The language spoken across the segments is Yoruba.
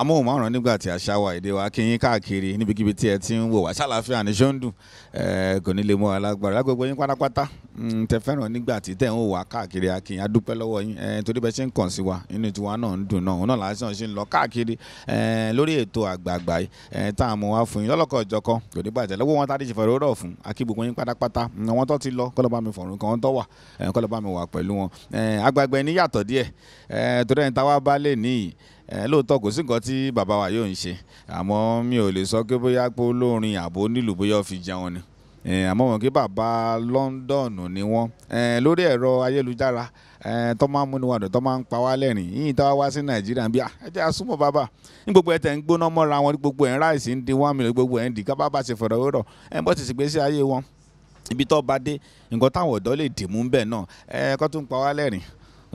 amóhùnmáwòrán nígbà tí àṣà wa èdè wa kí yín káàkiri níbikíbi tí ẹ ti ń wò wá ṣàlàfíà ní ṣóńdù kò ní lè mú alágbára gbogbo yín pátápátá tẹ fẹ́ràn nígbà tí tẹ̀ ń wò wá káàkiri akínyìn adúpẹ́ lọ́wọ́ yín torí bẹ́ẹ̀ ṣe ń kàn sí wa inú tiwa náà ń dùn náà òun náà làásán ṣe ń lọ káàkiri lórí ètò àgbààgbà yìí tá a mú wá fún yín lọ́lọ́kọ̀ ọ̀jọ̀kan kò ní bàjẹ́ lọ́wọ́ wọn tá a ti ṣe fẹ̀rẹ̀ rọ̀ fún akí gbogbo yín pátápátá wọn tó ti lọ kọ́lọ́ bá mi fọ̀rùn kan tó wà kọ́lọ́ bá mi wà pẹ̀lú wọn ni lóòótọ́ kò sí nǹkan tí bàbá wa yóò ń ṣe àmọ́ mi ò lè sọ pé bóyá pé olórin àbò nílùú bóyá ó fi jẹun ni àmọ́ wọn kí bàbá London ni wọ́n lórí ẹ̀rọ ayélujára tó máa ń múni wàdùn tó máa ń pa wá lẹ́rìn yìí tó wá wá sí nàìjíríà bíi ẹjẹ́ àsúmọ̀ bàbá ní gbogbo ẹ̀tẹ̀ ń gbóná mọ́ra wọn gbogbo ẹ̀ ń ráìsì ń di one million gbogbo ẹ̀ ń di kábàbà ṣe fọ̀rọ̀ wérọ̀ ẹ̀ bọ́ ti sì gbésí ayé wọn ibi tó bá dé nǹkan táwọn ọ̀dọ́ lè dìmú bẹ́ẹ̀ náà ẹ̀ kọ́ tún pa wá lẹ́rìn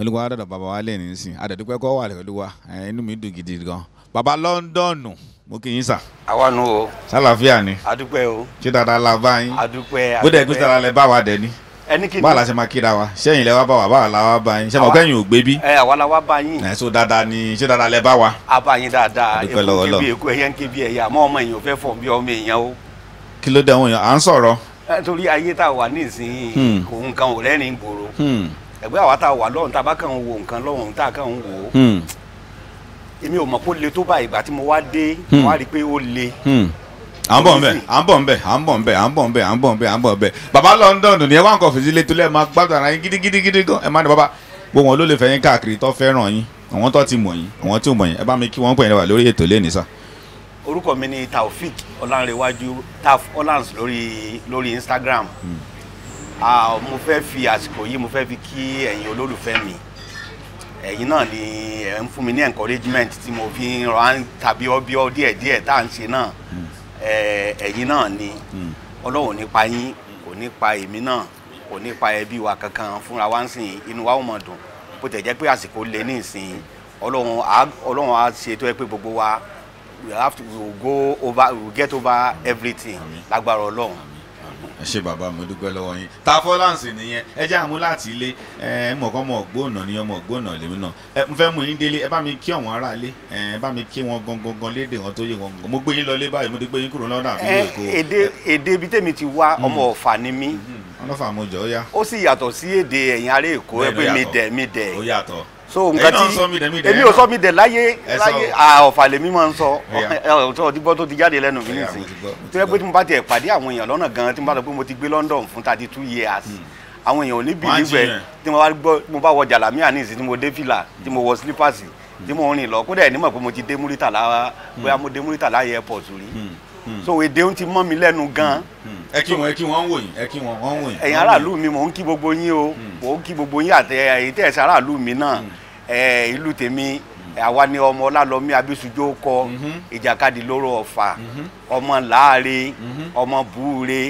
olùkọ́ wa dọ̀dọ̀ bàbá wa lẹ́yìn nísìn àdẹ̀dúpẹ́ kọ́ wà lẹ́yìn olúwa inú mi dùn gidi gan bàbá lọ́ńdọ̀nù mo kì í sà. àwa nù o. sálàáfíà ni. adúpẹ́ o. ṣé dáadáa la bá yín. adúpẹ́ adúpẹ́ bó dẹ̀ gbé sára lẹ bá wa dẹ̀ ni. ẹni kìíní. báwa la ṣe máa kíra wa sẹ́yìn lẹ bá wa báwa la wá bá yín sẹ́yìn ọ̀kẹ́yìn ò gbé bí. ẹ àwa la wá bá yín. ẹ so dáadáa ni ṣé dáadáa lẹ bá wa. a bá yín dáadáa adúpẹ́ lọ́wọ́ lọ. èkó ẹyẹ ń ké bí ẹyà àmọ́ ọmọ èèyàn fẹ́ fọ̀ bí ọmọ èèyàn o. a wà nísìnyí kò hmm. nǹkan ò rẹ́rìn ẹgbẹ́ àwa tá a wà lọ́run tá a bá kàn ń wo nǹkan lọ́run tá a kàn ń wò hmm. ó èmi mọ̀ kó le tó báyìí ìgbà tí mo wá dé mo hmm. wá rí le hmm. à ń bọ̀ nbẹ̀ à ń bọ̀ nbẹ̀ à ń bọ̀ nbẹ̀ à ń bọ̀ nbẹ̀ à ń bọ̀ nbẹ̀ baba London ni ẹ wá nǹkan fìdílé tó lẹ́ẹ̀ máa gbádùn ara yín gidi gan ẹ má ní baba gbogbo wọn ló lè fẹ́ yín káàkiri tó fẹ́ràn yín ti mọ̀ yín àwọn tí ò mọ̀ yín ẹ bá mi kí wọ́n pè é wà lórí ètò orúkọ mi ni Taofik mo fẹ́ fi àsìkò yìí mo fẹ́ fi kí ẹ̀yin olólùfẹ́ mi ẹ̀yin náà ni ẹ̀ ń fún mi ní encouragement tí mo fi ń ràn tàbí ọbíọ́ díẹ̀díẹ̀ tá à ń ṣe náà ẹ̀yin náà ni ọlọ́run nípa yín kò nípa èmi náà kò nípa ẹbí wa kankan fúnra wa ń sìn inú wa ó mọ̀ dùn bó tẹ̀ jẹ́ pé àsìkò lè ní ìsìn ọlọ́run á ọlọ́run á ṣe tó yẹ pé gbogbo wa we have to we go over we get over everything lágbára ọlọ́run. Like ṣe bàbá mo dúpẹ́ lọ́wọ́ yín ta nìyẹn ẹ jẹ́ àmú láti ilé ẹ mọ̀kọ́ mọ̀ gbóònà ni ọmọ gbóònà lèmi náà ẹ n fẹ́ mú yín délé ẹ bá mi kí ọ̀wọ́n ara lé ẹ bá mi kí wọn gangan léde wọn tó yé wọn mo gbé yín lọlé báyìí mo ti gbé yín kúrò lọ́dà àbí èkó. èdè èdè ibi tèmi ti wá hmm. ọmọ ọ̀fà ni mí. Hmm. ọlọ́fà mo jọ ó yá. ó sì yàtọ̀ sí èdè ẹ̀yìn ará èkó ẹ pé mi dẹ̀ mi dẹ̀. ó yàtọ̀ so nǹkan tí èmi ò sọ mi dẹ̀ láyé láyé ọ̀fà lèmi máa ń sọ ọ̀tọ̀ ọ̀dìgbọ́ tó ti jáde lẹ́nu mi nìsín tó yẹ pé tí mo bá tiẹ̀ pàdé àwọn èèyàn lọ́nà gan tí mo bá sọ pé mo ti gbé London fún thirty two years hmm. àwọn èèyàn ò ní bìlífẹ̀ tí mo bá gbọ́ mo bá wọ jàlámíà nìsín tí mo dé fìlà tí mo wọ slippers tí mo rìn lọ kódà ẹ̀ nímọ̀ pé mo ti dé Muritala hmm. bóyá mo dé Muritala airport rí hmm. Hmm. so èdè ń ti mọ́ mi lẹ́nu hmm. gan. Hmm. ẹ kí wọn ẹ kí wọn ń wòyìn ẹ kí wọn ń wòyìn. ẹ̀yin aráàlú mi mò ń kí gbogbo yín o mò ń kí gbogbo yín àti ẹ̀yin tẹ̀ ẹ̀sẹ̀ aráàlú mi náà ìlú tèmi àwa ni ọmọ ọlálọmí abisujo kọ ìjàkadì lóró ọfà ọmọ láàre ọmọ búure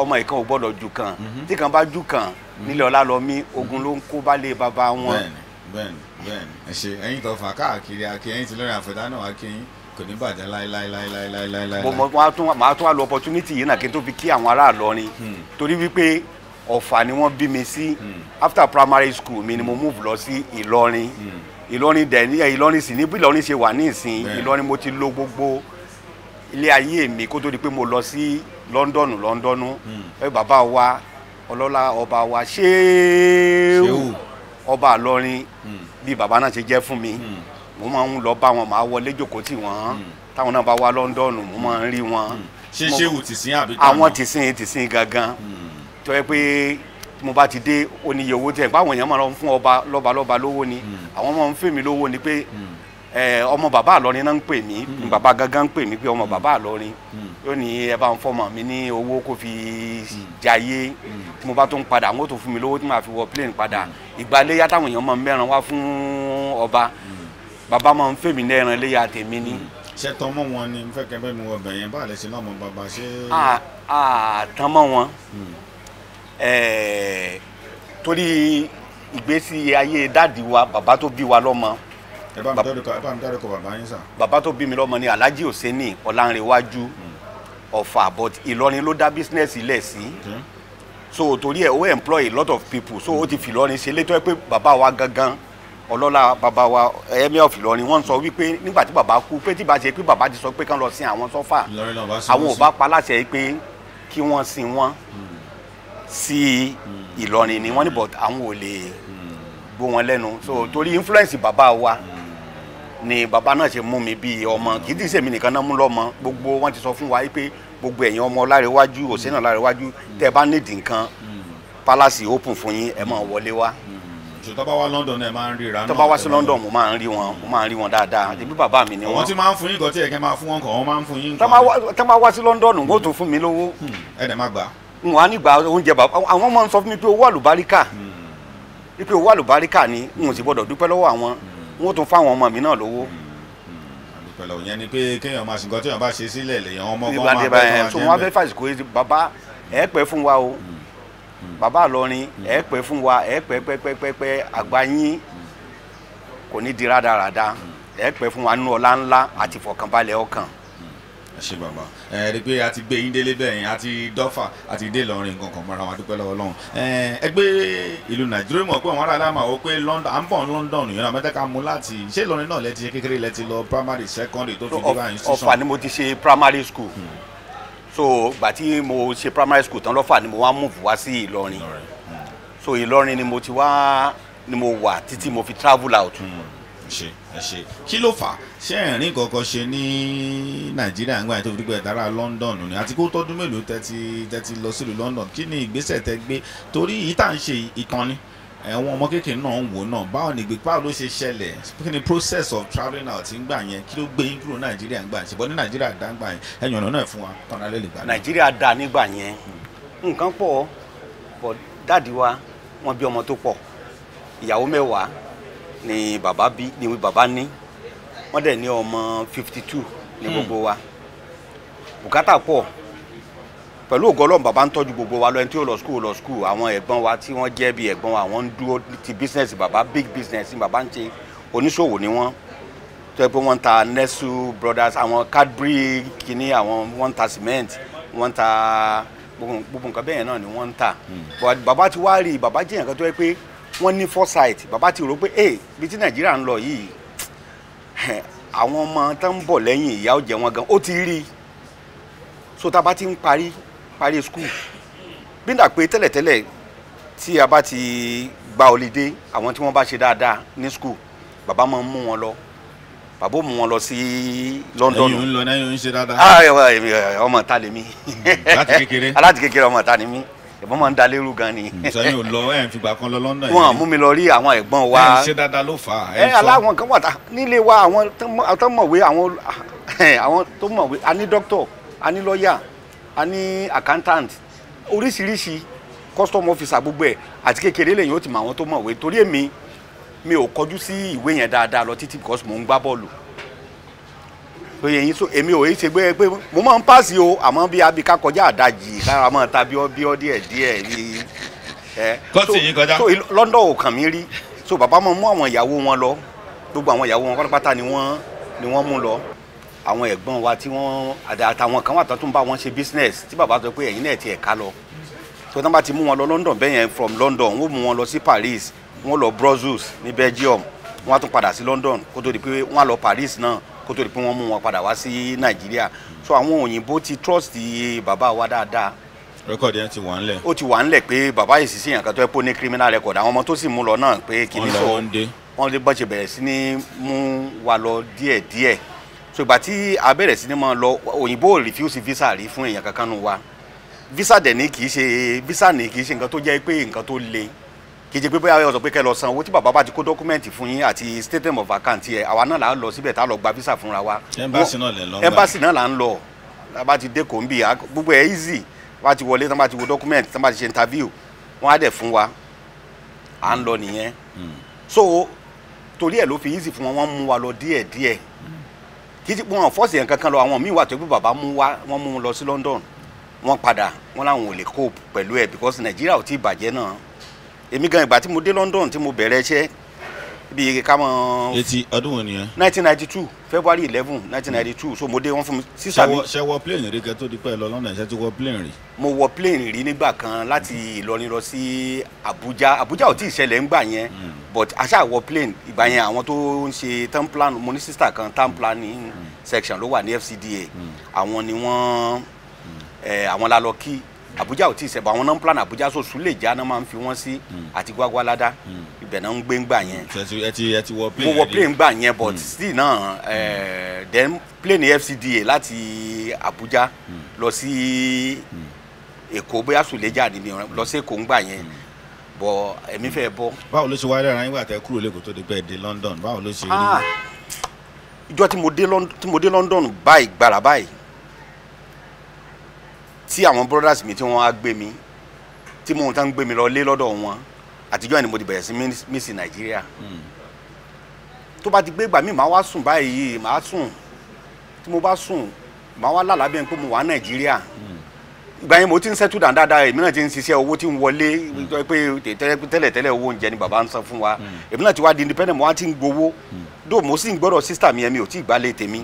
ọmọ ìkan ò gbọ́dọ̀ jù kan tí kan bá jù kan nílẹ̀ ọlálọmí ogun ló ń kó bálé bàbá wọn. bẹ́ẹ̀ni bẹ́ẹ̀ni bẹ́ẹ̀ni ẹ ṣe ẹ̀yin tó fà káàkiri akẹyìn tí lórí àfẹdá náà wá kẹyìn kò ní bàjẹ́ láéláéláéláéláé. mo mọ máa tún máa tún wá lo opportunity yìí náà kí n tó fi kí àwọn ará Ìlọrin hmm. torí wípé Ọ̀fà ni wọ́n bí mi sí hmm. after primary school mi ni mo hmm. move lọ sí Ìlọrin Ìlọrin dẹ̀ ní Ìlọrin sì ní bí Ìlọrin ṣe wà ní ìsìn Ìlọrin mo ti lo gbogbo ilé ayé mi kó tó di pé mo lọ sí London London ẹ bàbá wa ọlọ́lá ọba wa ṣéwù ọba Ìlọrin bí bàbá náà ṣe jẹ́ fún mi. Mm mo máa ń lọ bá wọn máa wọlé jókòó tì wọ́n hmm. táwọn náà bá wá lọ́ńdọ̀nù mo máa ń rí wọn. Hmm. ṣé ṣé wù tìsín àbí tànà àwọn tìsín tìsín gangan hmm. tó yẹ pé mo bá ti dé oníye owó tẹ̀ báwọn èèyàn máa ń fún ọba lọ́ba lọ́ba lówó ni àwọn máa ń fún mi lówó ni pé ọmọ bàbá àlọrin náà ń pè mí bàbá gangan ń pè mí pé ọmọ bàbá àlọrin yóò ní ẹ bá ń fọmọ mi ní owó kó fi jayé tí mo bá tó ń padà wọn ò tó fún mi lówó tí màá fi wọ plane padà ìgbàléyà táwọn èèyàn máa ń mẹ́ran wá fún ọba. Mm bàbá máa ń fèmí náà ẹran léyà tèmi ni. Hmm. ṣé tọmọ wọn ni n fẹ́ kẹfẹ mi wọ ọbẹ yẹn bá àlẹ sí lọmọ bàbá ṣé. àtọmọ wọn hmm. torí ìgbésí ayé dáàdi wa bàbá tó bí wa lọ́mọ. ẹ bá mi dárúkọ ẹ bá mi dárúkọ bàbá yín sà. bàbá tó bí mi lọ́mọ ni Alhaji Oseni Ọlánrewájú hmm. Ọ̀fà but Ìlọrin ló dá bísínẹ́sì lẹ̀ sí. so torí ẹ̀ ó employ a lot of people so o ti fi Ìlọrin ṣe létọ́ pé bàbá wa gangan. Mm ọlọ́lá bàbá wa ẹ̀mí ọ̀fì lọ́rin wọ́n sọ wípé nígbà tí bàbá kú pé tí bá ṣe pé bàbá ti sọ pé kán lọ sin àwọn sọ́fà àwọn ò bá pa láṣẹ pé kí wọ́n sin wọ́n sí hmm. Ìlọrin ni wọ́n ní but àwọn ò lè hmm. gbó wọn lẹ́nu so torí influence bàbá wa hmm. ni bàbá náà ṣe mú mi bí ọmọ kì í ti ṣèmi nìkan náà mú lọ́mọ gbogbo wọn ti sọ fún wa pé gbogbo ẹ̀yin ọmọ Lárewájú òṣèlú Lárewájú tẹ́ ẹ bá nídìí nǹkan palace open fún yín ẹ máa wọlé wá. Mm so tọ́ba wá London náà máa ń ríra náà tọ́ba wá sí London mo máa ń rí wọn mo máa ń rí wọn dáadáa ẹbí bàbá mi ni wọn. àwọn tí máa ń fún yín nǹkan tí ẹ̀kẹ́ máa fún wọn kàn wọ́n máa ń fún yín nǹkan. tọ́ba wá sí London n ó tún fún mi lówó. Hmm, ẹ̀ẹ́dẹ̀ má gbà. n wà nígbà oúnjẹ bàbá àwọn máa ń sọ fún mi pé owó àlùbáríkà hmm. pé owó àlùbáríkà ni n ò sì gbọdọ̀ dúpẹ́ lọ́wọ́ àwọn hmm. n tún fún bàbá àlọrin ẹ pẹ́ fún wa ẹ pẹ́ pẹ́pẹ́pẹ́ àgbà yín kò ní di rádaràda ẹ pẹ́ fún wa nínú ọlá ńlá àti ìfọ̀kànbalẹ̀ ọkàn ẹ ṣe bàbá ẹ rí i pé a ti gbé yín délé bẹ́ẹ̀ yẹn a ti dọ́fà a ti dé Ìlọrin nǹkan kan mọ́ra wa dúpẹ́ lọ́wọ́ Ọlọ́run ẹ gbé ìlú Nàìjíríà mọ̀ pé àwọn ará aláma ó pé London à ń bọ̀ London yẹn náà mẹ́tẹ́ka mú láti ṣé Ìlọrin náà lẹ ti ṣe kékeré lẹ ti lọ primary secondary tó fi dé báyìí. Ọ̀fà ni mo primary school hmm so gbà tí mo ṣe primary school tán lọ́fà ni mo wá move wá sí Ìlọrin hmm. so Ìlọrin ni mo ti wá ni mo wà títí mo fi travel out. ṣe hmm. ẹ ṣe kí ló fà ṣé ẹ̀rín kankan ṣe ní Nàìjíríà ńgbà tó fi gbẹ dára London ni àti kó tọdún mélòó tẹ́tí tẹ́tí lọ sílùú London kí ni ìgbésẹ̀ tẹ́ gbé torí ìta ń ṣe ìkànnì àwọn ọmọ kékeré náà ń wò náà báwo ni gbèpá ló ṣe ṣẹlẹ̀ kí ni process of travelling out ń gbà yẹn kí ló gbé yín kúrò nàìjíríà ń gbà yẹn ṣùgbọ́n ní nàìjíríà dá ń gbà yẹn ẹ̀yìn ọ̀nà náà fún wa tọ́nà alẹ́ lè gbà. nàìjíríà dá nígbà yẹn nǹkan pọ̀ pọ̀ dáàdi wa wọ́n bí ọmọ tó pọ̀ ìyàwó mẹ́wàá ni bàbá bí ni bàbá ní wọ́n dẹ̀ ní ọmọ fifty two ní hmm. gbogbo wa bùkátà pọ̀ pẹ̀lú ògo ọlọ́run bàbá ń tọ́jú gbogbo wa lọ ẹni tí ó lọ skul lọ skul àwọn ẹ̀gbọ́n wa tí wọ́n jẹ́ bí ẹ̀gbọ́n wa wọ́n ń dúró ti business bàbá big business bàbá ń ṣe oníṣòwò ni wọ́n tó yẹ pé wọ́n ń ta Nestle brothers àwọn Cadbury kìíní àwọn wọ́n ń ta cement wọ́n ń ta gbogbo nǹkan bẹ́ẹ̀ náà ni wọ́n ń tà hmm. bàbá ti wá rí bàbá jẹ́ nǹkan tó yẹ pé wọ́n ní foresight bàbá ti rò pé ee bí ti Nàìjíríà ń lọ yìí àwọn ọmọ tó ń bọ̀ lẹ́yìn ìyá ó jẹ wọn gan ó ti rí so tá a bá ti ń parí parí skul bí n dà pé tẹ́lẹ̀tẹ́lẹ̀ tí a bá ti gba olùdé àwọn tí wọ́n bá ṣe dáadáa ní skul bàbá máa ń mú wọn lọ bàbá ó mú wọn lọ sí London. ẹyin ń lọ náà yóò ń ṣe dáadáa. Ah, ọmọ ta lèmi. aláti hmm, kékeré aláti kékeré ọmọ ta lèmi ẹ̀gbọ́n máa ń da lérú gan ni. Hmm, sẹ́yìn ò lọ ẹ̀ ń fìgbà kan lọ London yìí. wọ́n mú mi lọ rí àwọn ẹ̀gbọ́n wa. ẹ̀ ń ṣe dáadáa ló fà á. ẹ aláwọn kan wà tá nílé wa àwọn tó mọ̀wé àwọn tó mọ̀wé a ní dókítọ̀ a ní lọ́ọ̀yà a ní accountant oríṣiríṣi custom officer gbogbo ẹ̀ àti kékeré lẹ́yìn ó ti mọ àwọn tó mọ̀wé torí èmi mi ò kọjú sí ìwé yẹn dáadáa lọ títí because mò ń gbá bọ́ọ̀lù lóye yín so èmi ò yí ṣe gbé pé mo máa ń pàṣẹ o àmọ́ bí abika kọjá àdájì kára máa ta bí ọ bí ọ díẹ̀ díẹ̀ bí ẹ so London ò kàn mí rí so bàbá máa mú àwọn ìyàwó wọn lọ gbogbo àwọn ìyàwó wọn pátápátá ni wọ́n ni wọ́n mú lọ àwọn ẹ̀gbọ́n wa tí wọ́n àtàwọn kan wà tó tún bá wọn ṣe business tí bàbá sọ pé ẹ̀yin náà ti ẹ̀ ká lọ tó tán bá ti mú wọn lọ London bẹ́ẹ̀ yẹn from London wọ́n mú wọn lọ sí Paris wọ́n lọ Brussels ní Belgium wọ́n á tún padà sí London kó tó di pé wọ́n á lọ Paris náà kó tó di pé wọ́n mú wọn padà wá sí Nàìjíríà so àwọn òyìnbó ti trust bàbá wa dáadáa rẹkọdì yẹn ti wà ńlẹ̀. ó ti wà ńlẹ̀ pé bàbá yìí sì yàn kan tó yẹ pé ó ní criminal record àwọn ọmọ tó sì mú lọ náà pé kí ni sọ wọn lè bọ́sẹ̀ bẹ̀rẹ̀ sí ní mú wa lọ díẹ̀díẹ̀ so ìgbà tí a bẹ̀rẹ̀ sí ni mo lọ òyìnbó refuse visa rí fún èèyàn kankan nù wa visa dẹ̀ ní kì í ṣe visa ní kì í ṣe nǹkan tó jẹ́ pé nǹkan tó le kì í ṣe pé bóyá ọ̀sán pé kẹ́ lọ san owó tí bàbá bá ti kó dọ́kúmẹ́ǹtì fún yín àti statement of account yẹ àwa náà là ń lọ síbẹ̀ tá a lọ gba visa fúnra wa embassy náà lè lọ embassy náà là ń lọ bá ti dé kòńbì gbogbo ẹ̀ easy bá ti wọlé tán bá ti wo dọ́kúmẹ́ǹtì tán bá ti ṣe interview wọ́n á dẹ̀ fún wa à ń lọ nìyẹn hmm. so torí ẹ̀ ló fi easy fún wọn wọ́n mú wa lọ díẹ̀díẹ̀ kì í ti wọn fọ́ọ̀sì yẹn kankan lọ àwọn míì wà tó gbé bàbá mú wá wọ́n mú lọ sí London wọ́n padà wọ́n làwọn ò lè cope pẹ̀lú ẹ̀ because Nàìjíríà ò tí ì bàjẹ́ náà èmi gan ìgbà tí mo dé London tí mo bẹ̀rẹ̀ iṣẹ́ ibi yìí mọ. etí ọdún wo nìyẹn. nineteen ninety two february eleven nineteen ninety two so mo dé wọn fún mi. sísá mi ṣe wọ plane rí kẹ tó di pẹ́ lọ lọ́nà ìṣẹ́ ti wọ plane rí. mo wọ plane rí nígbà kan láti ìlọrin lọ sí abuja abuja ò tí ì ṣẹlẹ̀ ńgbà yẹn hmm. but aṣáà wọ plane ìgbà yẹn àwọn tó ń ṣe town plan mo ní sísá kan town hmm. planning hmm. section ló wà ní fcda àwọn ni wọ́n eh, àwọn la lọ kí Abuja ò tí ì sẹ̀bọ̀ àwọn náà ń plan Abuja so Suleja náà máa ń fi wọ́n sí hmm. àti Gwagwalada hmm. ibẹ̀ náà ń gbé ńgbà yẹn. mo wọ plane ńgbà yẹn but hmm. still náà eh, then plane FCDA láti Abuja lọ sí Èkó bóyá Suleja ni mi lọ sí Èkó ńgbà yẹn bọ èmi fẹ́ bọ. báwo ló ṣe wáyé rárá nígbà tẹ kúrò lẹ́kọ̀ọ́ tó di pẹ́ dé London báwo ló ṣe ah, ìjọ tí mo dé London báyìí gbàrà báyìí tí àwọn brothers mi tí wọ́n á gbé mi tí mo tán gbé mi lọ lé lọ́dọ̀ wọn àtijọ́ ni mo ti bẹ̀rẹ̀ sí Miss nàìjíríà hmm. tó bá ti gbé ìgbà mi màá wá sùn báyìí màá sùn tí mo bá sùn màá wá lálàá bẹ́ẹ̀ pé mo wà nàìjíríà hmm. ìgbà yẹn mo ti ń sẹ́tù dáadáa èmi náà ti ń ṣiṣẹ́ owó tí ń wọlé hmm. pé tẹ́lẹ̀ tẹ́lẹ̀ owó oúnjẹ ni bàbá ń san fún wa èmi náà ti wá di independent mo wá ti ń gbowó dó mo sì ń gbọ́dọ̀ sister mi yẹn mi ò tí ì gbálẹ̀ tèmi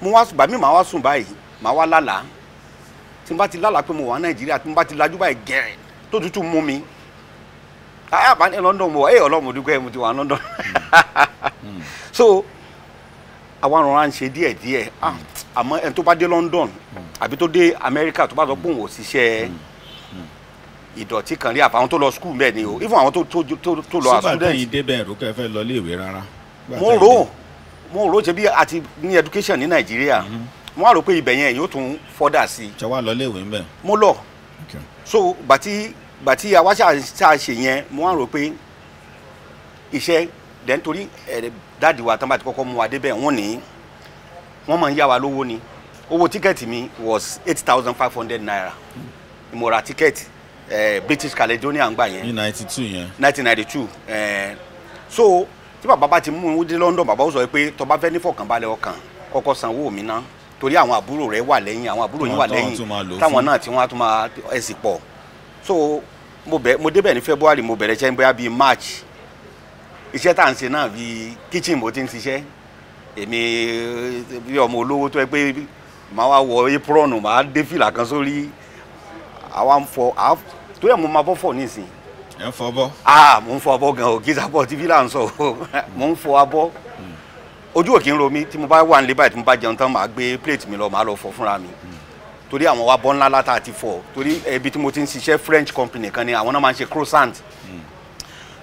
mo wá gbà mí màá wá sùn báyìí màá wá lálàá tí n bá ti lálàá pé mo wà nàìjíríà tí n bá ti lajú báyìí gẹ̀rẹ̀ tó tutù mú mi àyàbá ní London mo wà ẹ Ọlọ́run mo dúpẹ́ mo ti wà London hmm. Hmm. so àwa rọra ń ṣe díẹ̀ díẹ̀ hmm. àmọ́ ẹni tó bá dé London àbí tó dé Amẹ́ríkà tó bá sọ pé òun ò ṣiṣẹ́ ìdọ̀tí kan rí àfàwọn tó lọ skul bẹ́ẹ̀ ni o even àwọn tó lọ àsúdẹ̀ntì. sígbà tẹ̀yìn débẹ̀ rò kẹ́ fẹ́ lọ iléèwé rárá. mo rò mo rò ṣe bí àti ní education ní Nàìjíríà. Mm -hmm mo wá rò pé ibẹ̀ yẹn yóò tún fọ́dà sí ṣé wàá lọ léèwé ńbẹ. mo lọ so gbàtí gbàtí àwa ṣáà ṣe yẹn mo wá rò pé iṣẹ́ dẹ̀ nítorí eh, dáàdi wa tán bá ti kọ́kọ́ mú wa débẹ̀ wọ́n ní wọ́n máa ń yá wa lówó ni owó tíkẹ́ẹ̀tì mi was eight thousand five hundred naira mo ra tíkẹ́ẹ̀tì eh, British Caledonia ń gbà yẹn. ní ninety two yẹn. nineteen ninety two eh. so tí bàbá bá ti mú un dé London bàbá ó sọ pé tó bá fẹ́ ní fọkànbalẹ̀ ọkàn kọ́kọ́ sanwó mi ná torí àwọn àbúrò rẹ wà lẹ́yìn àwọn àbúrò yín wà lẹ́yìn táwọn náà tí wọ́n á tún máa ẹ̀sìn pọ̀ so mo bẹ mo débẹ̀ ní February mo bẹ̀rẹ̀ iṣẹ́ bóyá bíi March iṣẹ́ tá à ń ṣe náà bíi kitchen mo ti ń ṣiṣẹ́ èmi bí ọmọ olówó tó yẹ pé màá wá wọ apron màá dé fìlà kan sórí àwa ń fọ tó yẹ mo máa bọ́ nísìnyí. ẹ ń fọ abọ́. ah mo ń fọ abọ́ gan o kí sábọ̀ tí fìlà ń sọ o mo ń fọ abọ́ ojú òkè ń ro mi tí mo bá wà nílé báyìí tí mo bá jẹun tán màá gbé plate mi lọ màá lọ fọ fúnra mi torí àwọn wa bọ́ ńlá látà àti fọ torí ibi tí mo ti ń ṣiṣẹ́ French company kan ni àwọn náà máa ń ṣe croissant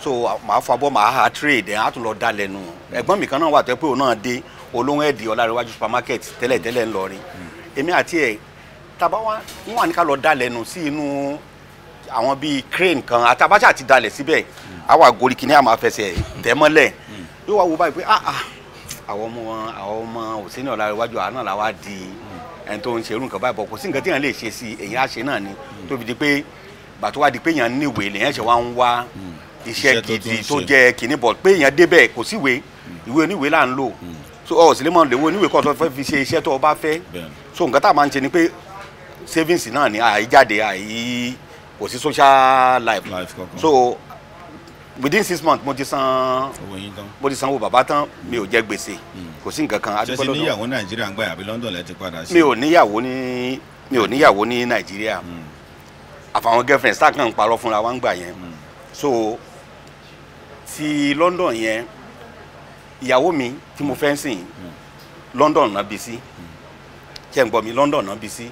so màá fọ abọ́ màá ha trade ẹ̀ á tún lọ da lẹ́nu ẹ̀gbọ́n mi kan náà wà tó pé òun náà dé olóhùn ẹ̀dì ọ̀làríwájú supermarket tẹ́lẹ̀tẹ́lẹ̀ ńlọrin èmi àti ẹ̀ tàbá wa ń wà ní ká lọ da lẹ́nu sí inú àwọn bíi crane kan àtàbáṣà ti dalẹ̀ síbẹ̀ àwa gorí kìnìún àmọ́ afẹsẹ̀ tẹ́mọ́lẹ̀ yóò wá wo báyìí pé ah ah àwọn ọmọ àwọn ọmọ òsínà ọ̀la iwájú àwa náà la wá di ẹni tó ń ṣerú nǹkan báyìí bọ̀ kò sí nǹkan tí èèyàn lè ṣe sí èèyàn àṣẹ náà ni hmm. tó fi di pé bàtó wá di pé èèyàn níwèé lèèyàn ṣe wá ń wá hmm. iṣẹ́ gidi tó jẹ́ kìíní bọ̀ pé èèyàn débẹ̀ kò síwèé hmm. ìwé oníwèé là ń lò so ọ sì lè mọ lèwo oníwèé kan tó fẹ́ fi ṣe iṣẹ́ tó o bá fẹ́ so nǹkan tá a máa ń ṣe ni pé savings náà ni àìjáde àì kò sí social life so within six months mo ti san mo ti sanwó bàbá tán mi ò jẹ gbèsè hmm. kò sí nǹkan kan adúgbò lọ́dún. ṣe níyàwó nàìjíríà ń gbà àbí london lẹ ti padà sí. mi ò níyàwó ní mi ò níyàwó ní nàìjíríà hmm. àfàwọn girlfriend sáà kan ń parọ́ fúnra wa ń gbà yẹn hmm. so ti london yẹn ìyàwó mi tí mo fẹ́ ń sìn london náà bí sí ṣe ń gbọ́ mi london náà bí sí